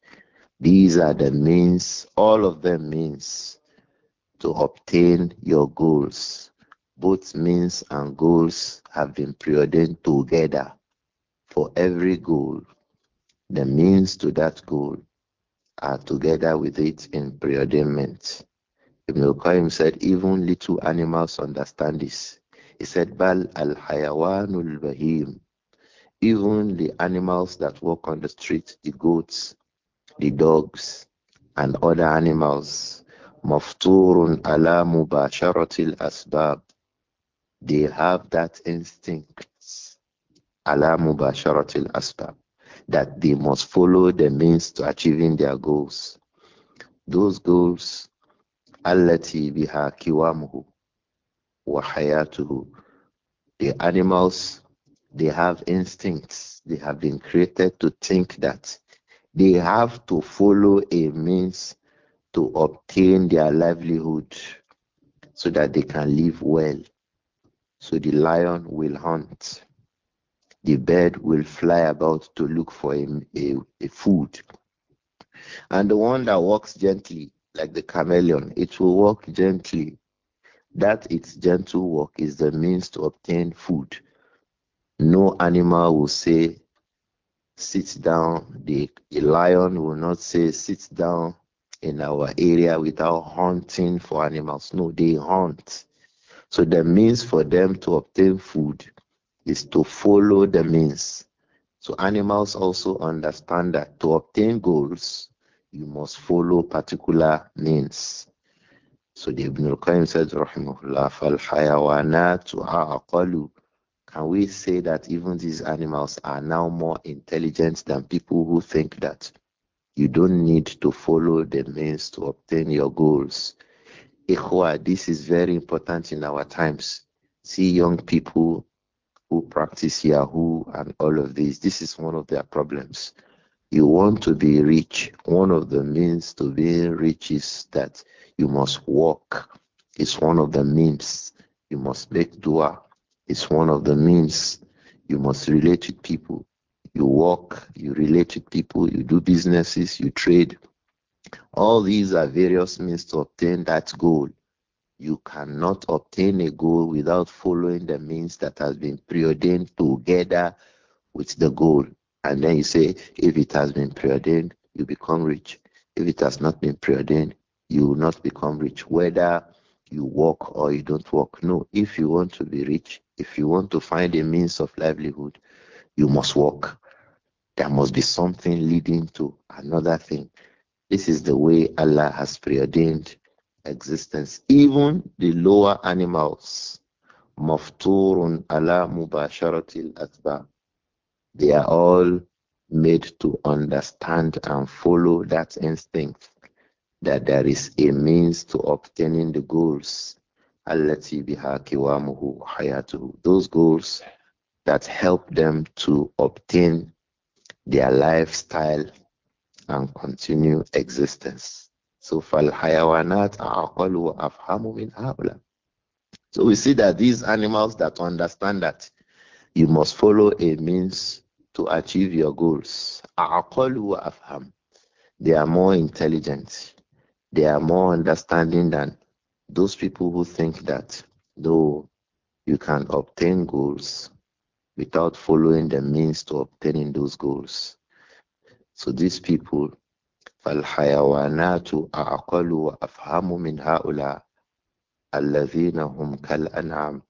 These are the means, all of them means to obtain your goals. Both means and goals have been preordained together for every goal the means to that goal are together with it in preordainment. Ibn al-Qayyim said, even little animals understand this. He said, Bal al-hayawanul bahim. Even the animals that walk on the street, the goats, the dogs, and other animals, mafturun ala mubasharatil asbab. They have that instinct ala mubasharatil asbab that they must follow the means to achieving their goals. Those goals, allati biha kiwamuhu wa hayatuhu. The animals, they have instincts. They have been created to think that they have to follow a means to obtain their livelihood so that they can live well. So the lion will hunt the bird will fly about to look for him a, a food. And the one that walks gently, like the chameleon, it will walk gently. That its gentle walk is the means to obtain food. No animal will say, sit down. The lion will not say, sit down in our area without hunting for animals. No, they hunt. So the means for them to obtain food is to follow the means. So animals also understand that to obtain goals, you must follow particular means. So the Ibn al-Qayyim said, Rahimahullah, فَالْحَيَوَانَاتُ أَعْقَلُ Can we say that even these animals are now more intelligent than people who think that you don't need to follow the means to obtain your goals? Ikhwa, this is very important in our times. See young people who practice Yahoo and all of these. This is one of their problems. You want to be rich. One of the means to being rich is that you must work. It's one of the means. You must make dua. It's one of the means. You must relate with people. You work, you relate with people, you do businesses, you trade. All these are various means to obtain that goal you cannot obtain a goal without following the means that has been preordained together with the goal. And then you say, if it has been preordained, you become rich. If it has not been preordained, you will not become rich, whether you work or you don't work. No, if you want to be rich, if you want to find a means of livelihood, you must work. There must be something leading to another thing. This is the way Allah has preordained existence, even the lower animals. Mafturun ala mubasharatil atba. They are all made to understand and follow that instinct that there is a means to obtaining the goals. biha Those goals that help them to obtain their lifestyle and continue existence. So فَالْحَيَوَانَاتْ أَعْقَلُ وَأَفْحَمُ مِنْ هَؤُلَاءِ So we see that these animals that understand that you must follow a means to achieve your goals. أَعْقَلُ وَأَفْحَمُ They are more intelligent. They are more understanding than those people who think that though you can obtain goals without following the means to obtaining those goals. So these people, فالحيوانات أعقل وأفهم من هؤلاء الذين هم كالأنعام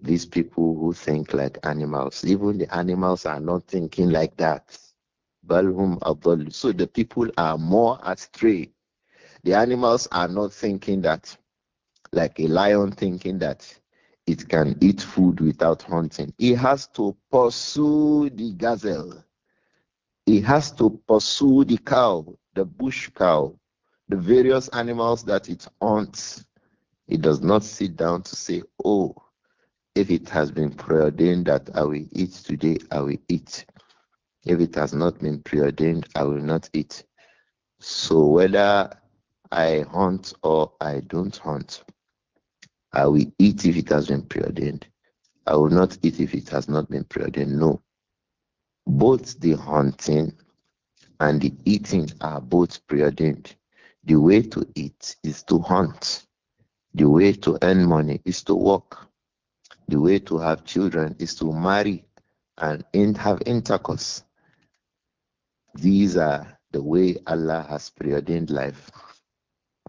These people who think like animals, even the animals are not thinking like that. Balhum So the people are more astray. The animals are not thinking that, like a lion thinking that it can eat food without hunting. It has to pursue the gazelle. It has to pursue the cow the bush cow, the various animals that it hunts, it does not sit down to say, Oh, if it has been preordained that I will eat today, I will eat. If it has not been preordained, I will not eat. So whether I hunt or I don't hunt, I will eat if it has been preordained. I will not eat if it has not been preordained. No. Both the hunting and the eating are both preordained. The way to eat is to hunt. The way to earn money is to work. The way to have children is to marry and in, have intercourse. These are the way Allah has preordained life,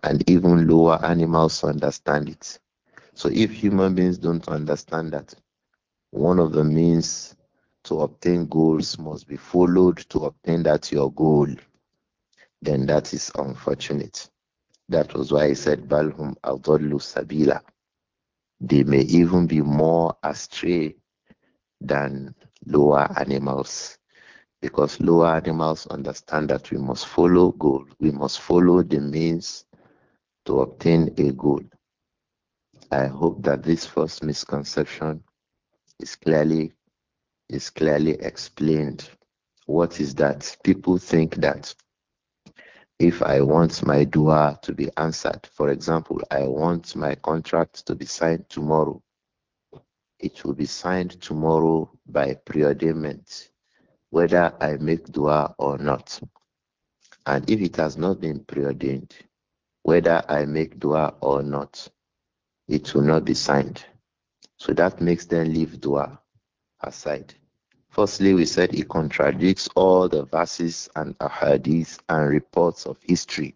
and even lower animals understand it. So, if human beings don't understand that, one of the means to obtain goals must be followed to obtain that your goal, then that is unfortunate. That was why I said Balhum Adollu Sabila. They may even be more astray than lower animals. Because lower animals understand that we must follow goal, we must follow the means to obtain a goal. I hope that this first misconception is clearly is clearly explained. What is that? People think that if I want my dua to be answered, for example, I want my contract to be signed tomorrow, it will be signed tomorrow by preordainment, whether I make dua or not. And if it has not been preordained, whether I make dua or not, it will not be signed. So that makes them leave dua aside. Firstly, we said it contradicts all the verses and ahadith and reports of history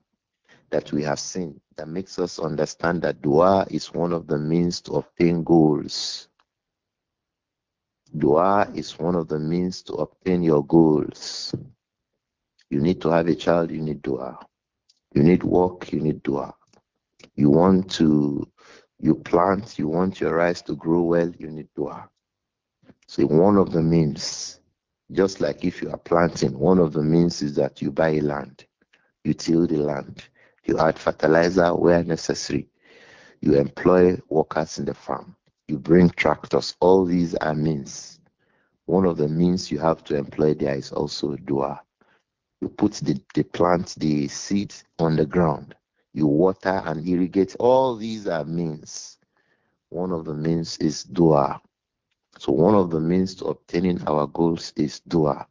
that we have seen that makes us understand that dua is one of the means to obtain goals. Dua is one of the means to obtain your goals. You need to have a child, you need dua. You need work, you need dua. You want to, you plant, you want your rice to grow well, you need dua. So one of the means, just like if you are planting, one of the means is that you buy land, you till the land, you add fertilizer where necessary, you employ workers in the farm, you bring tractors. All these are means. One of the means you have to employ there is also dua. You put the, the plant, the seed on the ground. You water and irrigate. All these are means. One of the means is dua so one of the means to obtaining our goals is dua.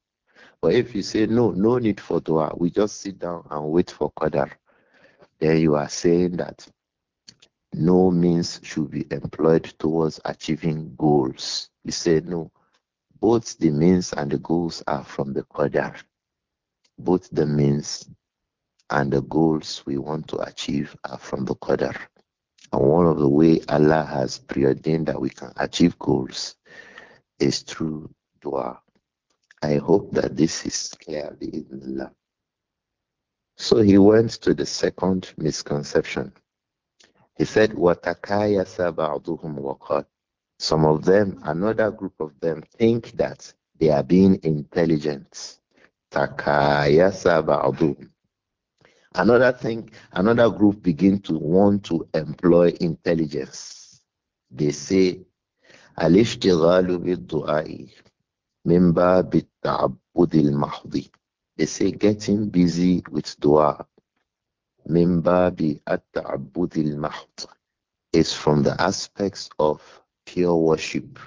But if you say no, no need for dua, we just sit down and wait for qadar, then you are saying that no means should be employed towards achieving goals. You say no. Both the means and the goals are from the qadar. Both the means and the goals we want to achieve are from the qadar. And one of the way Allah has preordained that we can achieve goals is through dua. I hope that this is clear. law. So he went to the second misconception. He said, وَتَكَايَسَ بَعْضُهُمْ Some of them, another group of them, think that they are being intelligent. تَكَايَسَ Another thing, another group begin to want to employ intelligence. They say, Al-ishtighalu bid-du'ai min mahdi They say getting busy with dua min at-ta'abbud al is from the aspects of pure worship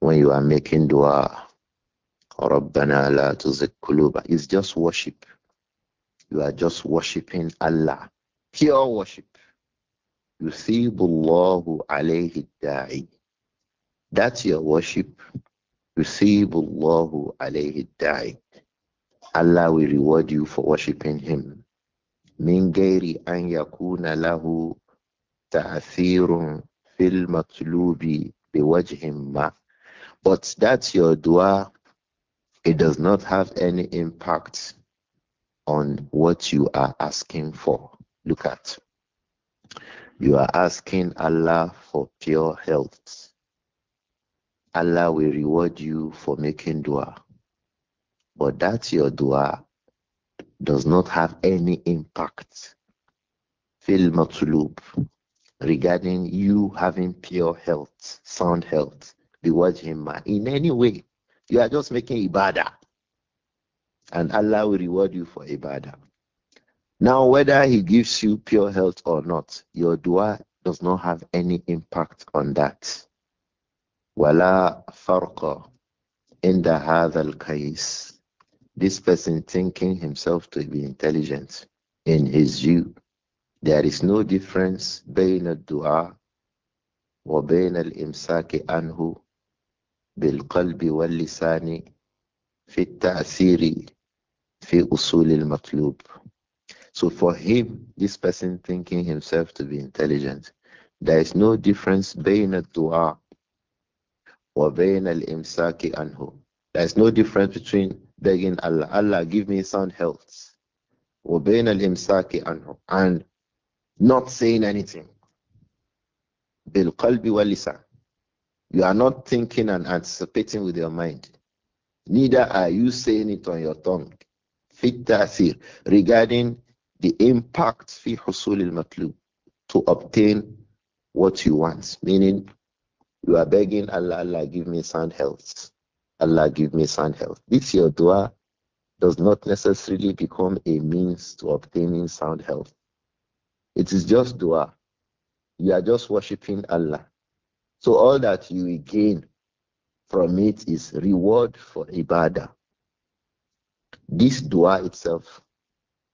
when you are making dua. ربنا لا It's just worship. You are just worshipping Allah. Pure worship. Yusibullahu alayhi da'i. That's your worship. Yusibullahu alayhi da'i. Allah will reward you for worshipping Him. Min gairi an yakuna lahu ta'athirun fil matlubi biwajhin ma. But that's your dua. It does not have any impact on what you are asking for. Look at. You are asking Allah for pure health. Allah will reward you for making dua. But that your dua does not have any impact. Fil regarding you having pure health, sound health, the him in any way. You are just making ibadah and Allah will reward you for ibadah. Now, whether He gives you pure health or not, your dua does not have any impact on that. Wala farqa in the hadal case. This person thinking himself to be intelligent in his view, there is no difference between dua wa bain al-imsaki anhu بالقلب واللسان في التأثير fi usulil matlub. So for him, this person thinking himself to be intelligent, there is no difference between dua or between al imsaki anhu. There is no difference between begging Allah, Allah give me sound health, or between al imsaki anhu, and not saying anything. Bil qalbi wal lisan. You are not thinking and anticipating with your mind. Neither are you saying it on your tongue. في التأثير regarding the impact في حصول المطلوب to obtain what you want meaning you are begging Allah Allah give me sound health Allah give me sound health this your dua does not necessarily become a means to obtaining sound health it is just dua you are just worshiping Allah so all that you gain from it is reward for ibadah this dua itself,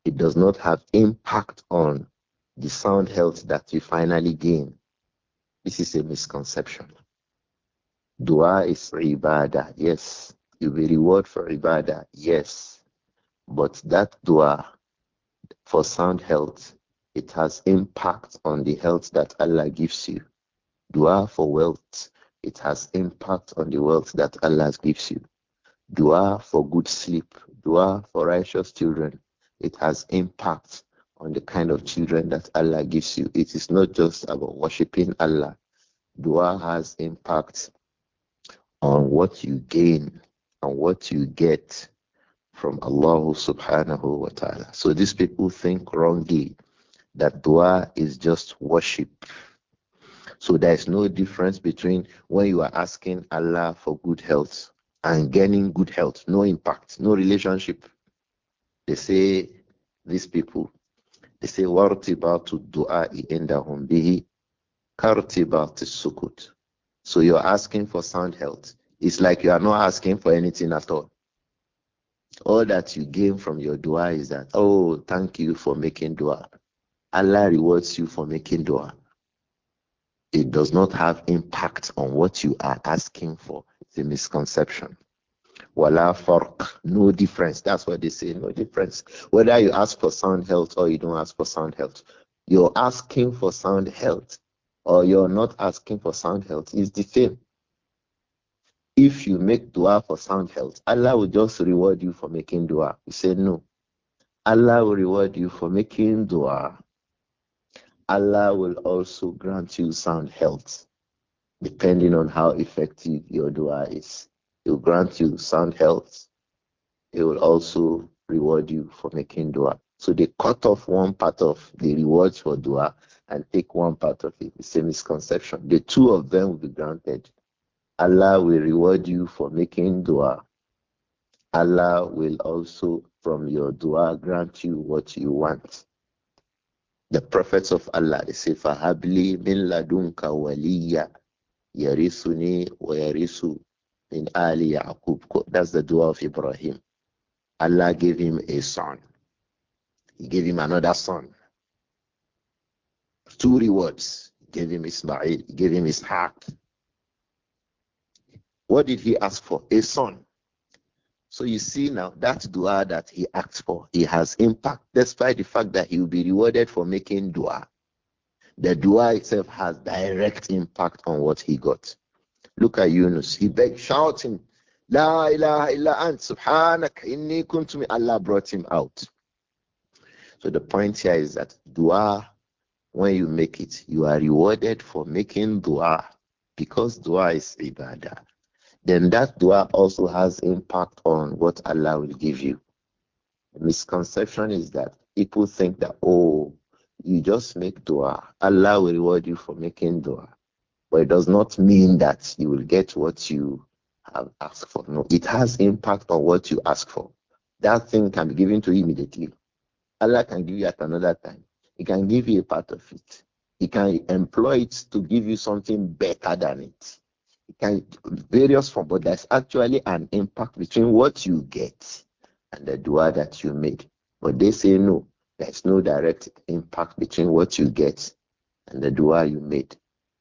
it does not have impact on the sound health that you finally gain. This is a misconception. Dua is ibadah, yes. You will reward for ibadah, yes. But that dua for sound health, it has impact on the health that Allah gives you. Dua for wealth, it has impact on the wealth that Allah gives you. Dua for good sleep, dua for righteous children, it has impact on the kind of children that Allah gives you. It is not just about worshiping Allah. Dua has impact on what you gain and what you get from Allah subhanahu wa ta'ala. So these people think wrongly that dua is just worship. So there is no difference between when you are asking Allah for good health and gaining good health, no impact, no relationship. They say these people, they say wartibatu du'a'i indahum bihi kartibatu sukut. So you're asking for sound health. It's like you are not asking for anything at all. All that you gain from your dua is that, oh, thank you for making dua. Allah rewards you for making dua. It does not have impact on what you are asking for the misconception. Wala farq, no difference. That's what they say, no difference. Whether you ask for sound health or you don't ask for sound health, you're asking for sound health or you're not asking for sound health is the same. If you make dua for sound health, Allah will just reward you for making dua. You say no. Allah will reward you for making dua. Allah will also grant you sound health depending on how effective your dua is. it will grant you sound health. It will also reward you for making dua. So they cut off one part of the rewards for dua and take one part of it. It's a misconception. The two of them will be granted. Allah will reward you for making dua. Allah will also, from your dua, grant you what you want. The prophets of Allah, they say, Fahabli min ladunka waliya. Yarisuni wa yarisu min Ali Yaqub. That's the dua of Ibrahim. Allah gave him a son. He gave him another son. Two rewards. He gave him Ismail. He gave him his heart. What did he ask for? A son. So you see now that dua that he asked for, he has impact despite the fact that he will be rewarded for making dua. The dua itself has direct impact on what he got. Look at Yunus. He begged, shouting, La ilaha illa ant, subhanak, inni me, Allah brought him out. So the point here is that dua, when you make it, you are rewarded for making dua because dua is ibadah. Then that dua also has impact on what Allah will give you. The misconception is that people think that, oh, you just make dua. Allah will reward you for making dua. But it does not mean that you will get what you have asked for. No, it has impact on what you ask for. That thing can be given to you immediately. Allah can give you at another time. He can give you a part of it. He can employ it to give you something better than it. It can various form, but there's actually an impact between what you get and the dua that you make. But they say no. There's no direct impact between what you get and the dua you made.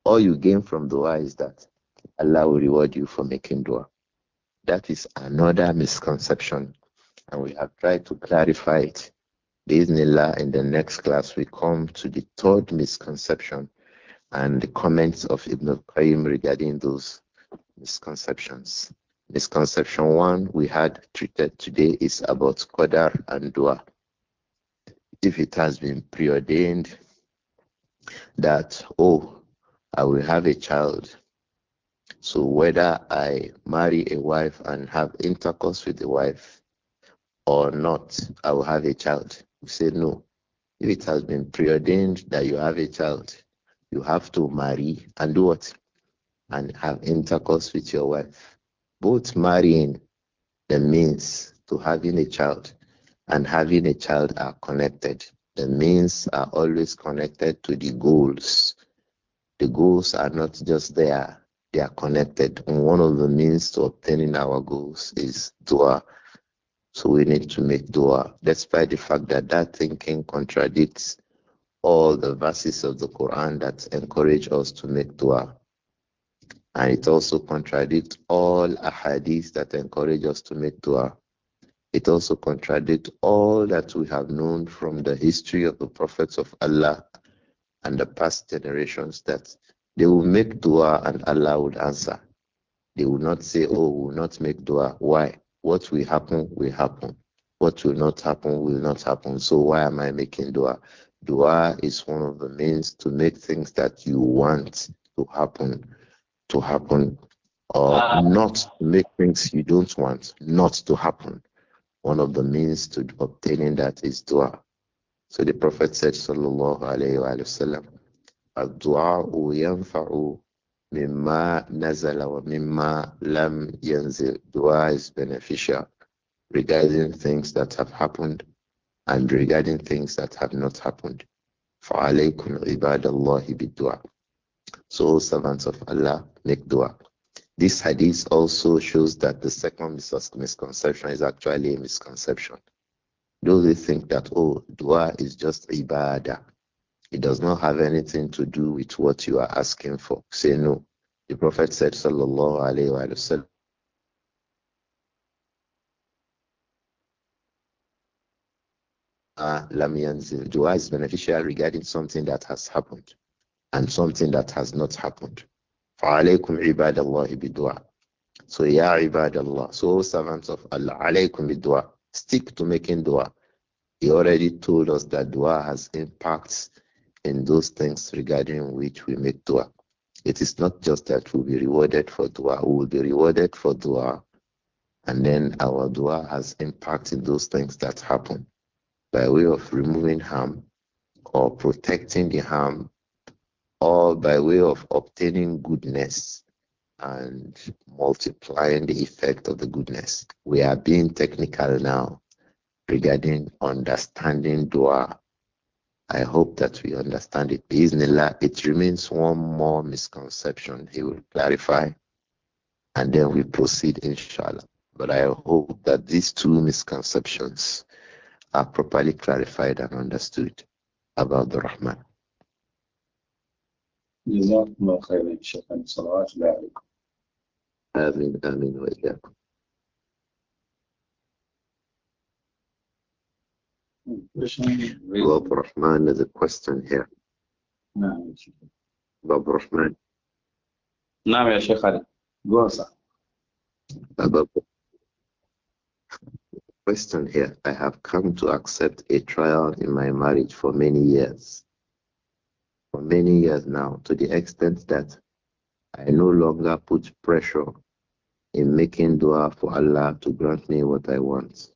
All you gain from dua is that Allah will reward you for making dua. That is another misconception, and we have tried to clarify it. Bismillah, in the next class, we come to the third misconception and the comments of Ibn al-Qayyim regarding those misconceptions. Misconception one we had treated today is about Qadar and Dua if it has been preordained that, oh, I will have a child. So whether I marry a wife and have intercourse with the wife or not, I will have a child. We say no. If it has been preordained that you have a child, you have to marry and do what? And have intercourse with your wife. Both marrying the means to having a child and having a child are connected. The means are always connected to the goals. The goals are not just there, they are connected. And one of the means to obtaining our goals is dua. So we need to make dua, despite the fact that that thinking contradicts all the verses of the Quran that encourage us to make dua. And it also contradicts all ahadith that encourage us to make dua. It also contradicts all that we have known from the history of the prophets of Allah and the past generations that they will make dua and Allah would answer. They will not say, Oh, we will not make dua. Why? What will happen will happen. What will not happen will not happen. So why am I making dua? Dua is one of the means to make things that you want to happen to happen or uh, not make things you don't want not to happen. One of the means to obtaining that is dua. So the Prophet said, Sallallahu Alaihi Wasallam, Ad-du'a yanfa'u mimma nazala wa mimma lam yanzil. Dua is beneficial regarding things that have happened and regarding things that have not happened. فَعَلَيْكُمْ عِبَادَ اللَّهِ dua. So, servants of Allah, make dua. This hadith also shows that the second misconception is actually a misconception. Those who think that, oh, dua is just ibadah, it does not have anything to do with what you are asking for. Say no. The Prophet said, Sallallahu Alaihi Wasallam, uh, ah, dua is beneficial regarding something that has happened and something that has not happened. فَعَلَيْكُمْ عِبَادَ اللَّهِ بِدُعَاءٍ So, يا عِبَادَ اللَّهِ So, servants of Allah, عَلَيْكُمْ بِدُعَاء Stick to making dua. He already told us that dua has impacts in those things regarding which we make dua. It is not just that we'll be rewarded for dua, we will be rewarded for dua, and then our dua has impact in those things that happen by way of removing harm or protecting the harm all by way of obtaining goodness and multiplying the effect of the goodness. We are being technical now regarding understanding dua. I hope that we understand it. it remains one more misconception he will clarify and then we proceed inshallah. But I hope that these two misconceptions are properly clarified and understood about the Rahman. جزاكم الله خيرا صلوات الله عليكم آمين آمين وإياكم Rahman is a question here. نعم Rahman. نعم يا Sheikh Ali. Go on, sir. Question here. I have come to accept a trial in my marriage for many years for many years now to the extent that I no longer put pressure in making dua for Allah to grant me what I want.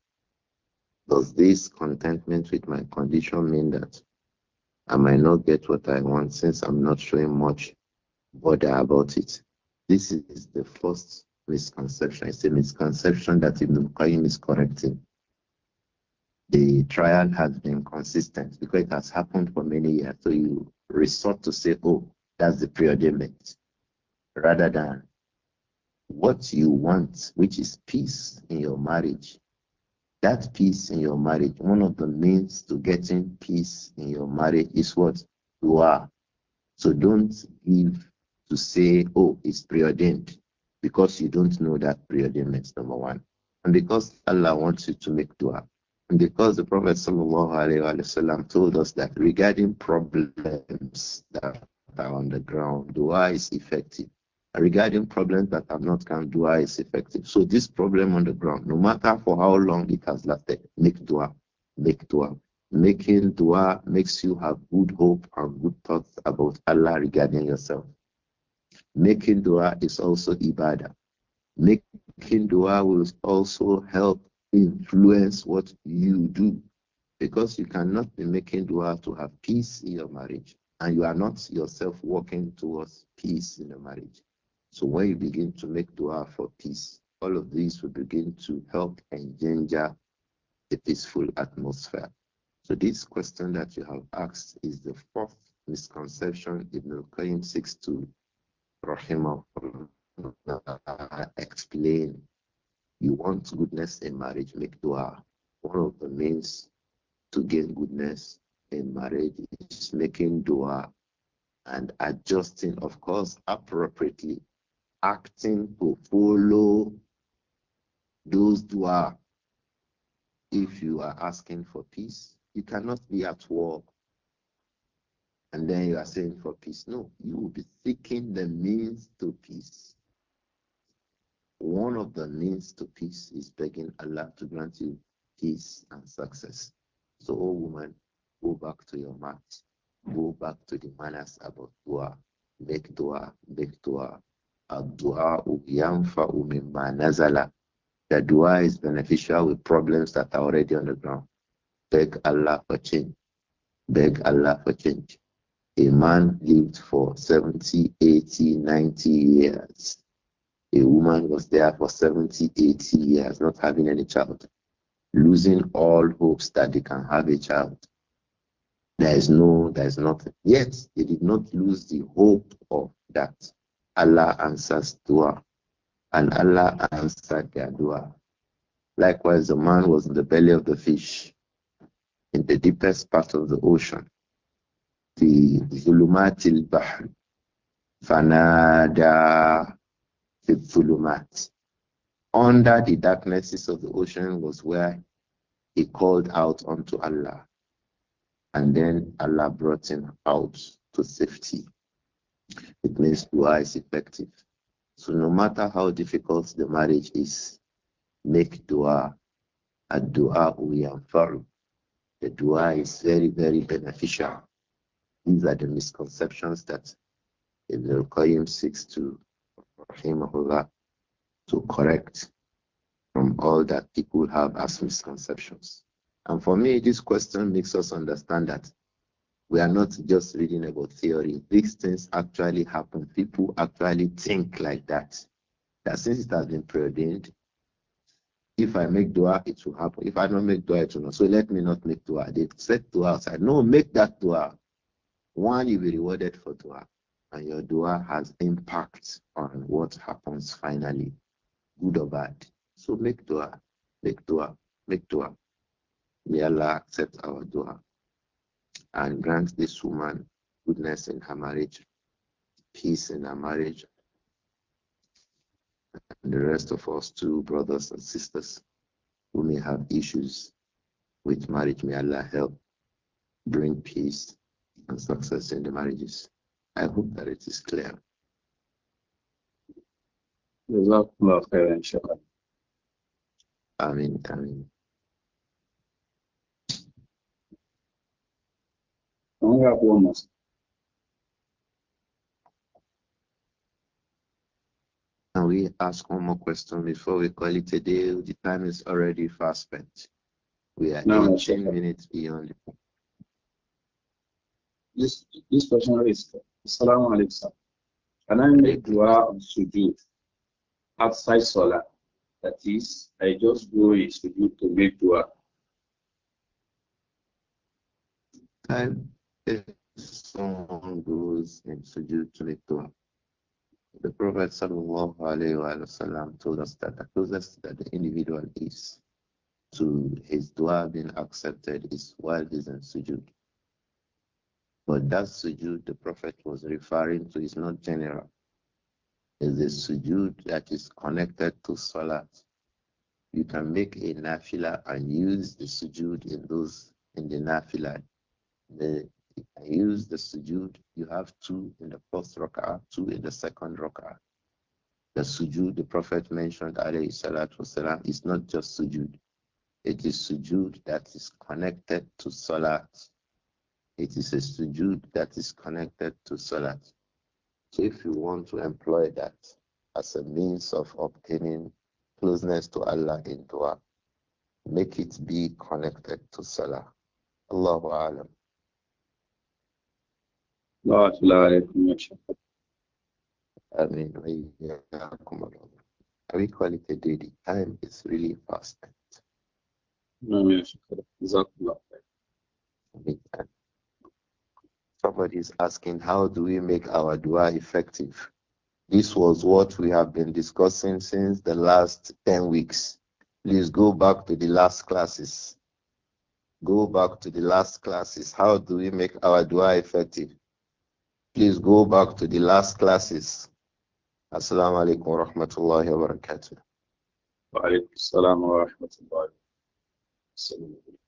Does this contentment with my condition mean that I might not get what I want since I'm not showing much bother about it? This is the first misconception. It's a misconception that Ibn Qayyim is correcting the trial has been consistent because it has happened for many years. So you resort to say, oh, that's the preordainment, rather than what you want, which is peace in your marriage. That peace in your marriage, one of the means to getting peace in your marriage is what you are. So don't give to say, oh, it's preordained, because you don't know that preordainment, number one. And because Allah wants you to make dua, because the Prophet وسلم, told us that regarding problems that are on the ground, dua is effective. regarding problems that are not ground, dua is effective. So this problem on the ground, no matter for how long it has lasted, make dua, make dua. Making dua makes you have good hope and good thoughts about Allah regarding yourself. Making dua is also ibadah. Making dua will also help influence what you do because you cannot be making dua to have peace in your marriage and you are not yourself working towards peace in your marriage. So when you begin to make dua for peace, all of these will begin to help engender a peaceful atmosphere. So this question that you have asked is the fourth misconception Ibn al-Qayyim seeks to Rahimah explain you want goodness in marriage, make dua. One of the means to gain goodness in marriage is making dua and adjusting, of course, appropriately, acting to follow those dua. If you are asking for peace, you cannot be at war and then you are saying for peace. No, you will be seeking the means to peace. One of the means to peace is begging Allah to grant you peace and success. So, O woman, go back to your mat. Go back to the manners about dua. Make dua, make dua. Dua yanfa umimba nazala. The dua is beneficial with problems that are already on the ground. Beg Allah for change. Beg Allah for change. A man lived for 70, 80, 90 years a woman was there for 70, 80 years, not having any child, losing all hopes that they can have a child. There is no, there is nothing. Yet they did not lose the hope of that. Allah answers dua, and Allah answered their dua. Likewise, the man was in the belly of the fish, in the deepest part of the ocean. The Zulumatil Bahr, Fanada the Zulumat. Under the darknesses of the ocean was where he called out unto Allah. And then Allah brought him out to safety. It means dua is effective. So no matter how difficult the marriage is, make dua. A dua uyanfaru. The dua is very, very beneficial. These are the misconceptions that Ibn al-Qayyim seeks to rahimahullah, to correct from all that people have as misconceptions. And for me, this question makes us understand that we are not just reading about theory. These things actually happen. People actually think like that. That since it has been preordained, if I make dua, it will happen. If I don't make dua, it will not. So let me not make dua. They said to us, I no make that dua. One, you'll be rewarded for dua and your dua has impact on what happens finally, good or bad. So make dua, make dua, make dua. May Allah accept our dua and grant this woman goodness in her marriage, peace in her marriage, and the rest of us too, brothers and sisters who may have issues with marriage. May Allah help bring peace and success in the marriages. I hope that it is clear. I mean, I mean. I have one more. Can we ask one more question before we call it a day? The time is already fast spent. We are no, 18 minutes beyond. This, this question is Assalamu alaikum. Can I make dua on sujood outside salah? That is, I just go in sujood to make dua. Time if someone goes in sujood to make dua. The Prophet sallallahu told us that the closest that the individual is to his dua being accepted is while he's in sujood. But that sujood the Prophet was referring to is not general. It's a sujood that is connected to salah. You can make a nafila and use the sujood in those in the nafila. The, use the sujood. You have two in the first rak'ah, two in the second rak'ah. The sujood the Prophet mentioned wasalam, is not just sujood. It is sujood that is connected to salat it is a sujood that is connected to salat. So if you want to employ that as a means of obtaining closeness to Allah in dua, make it be connected to salah. Allahu alam. Ameen. Are we call it a day? time is really fast. Ameen. Jazakallah. Ameen. Somebody is asking, how do we make our dua effective? This was what we have been discussing since the last 10 weeks. Please go back to the last classes. Go back to the last classes. How do we make our dua effective? Please go back to the last classes. Assalamu alaikum wa rahmatullahi wa barakatuh. Wa alaikum wa rahmatullahi wa barakatuh.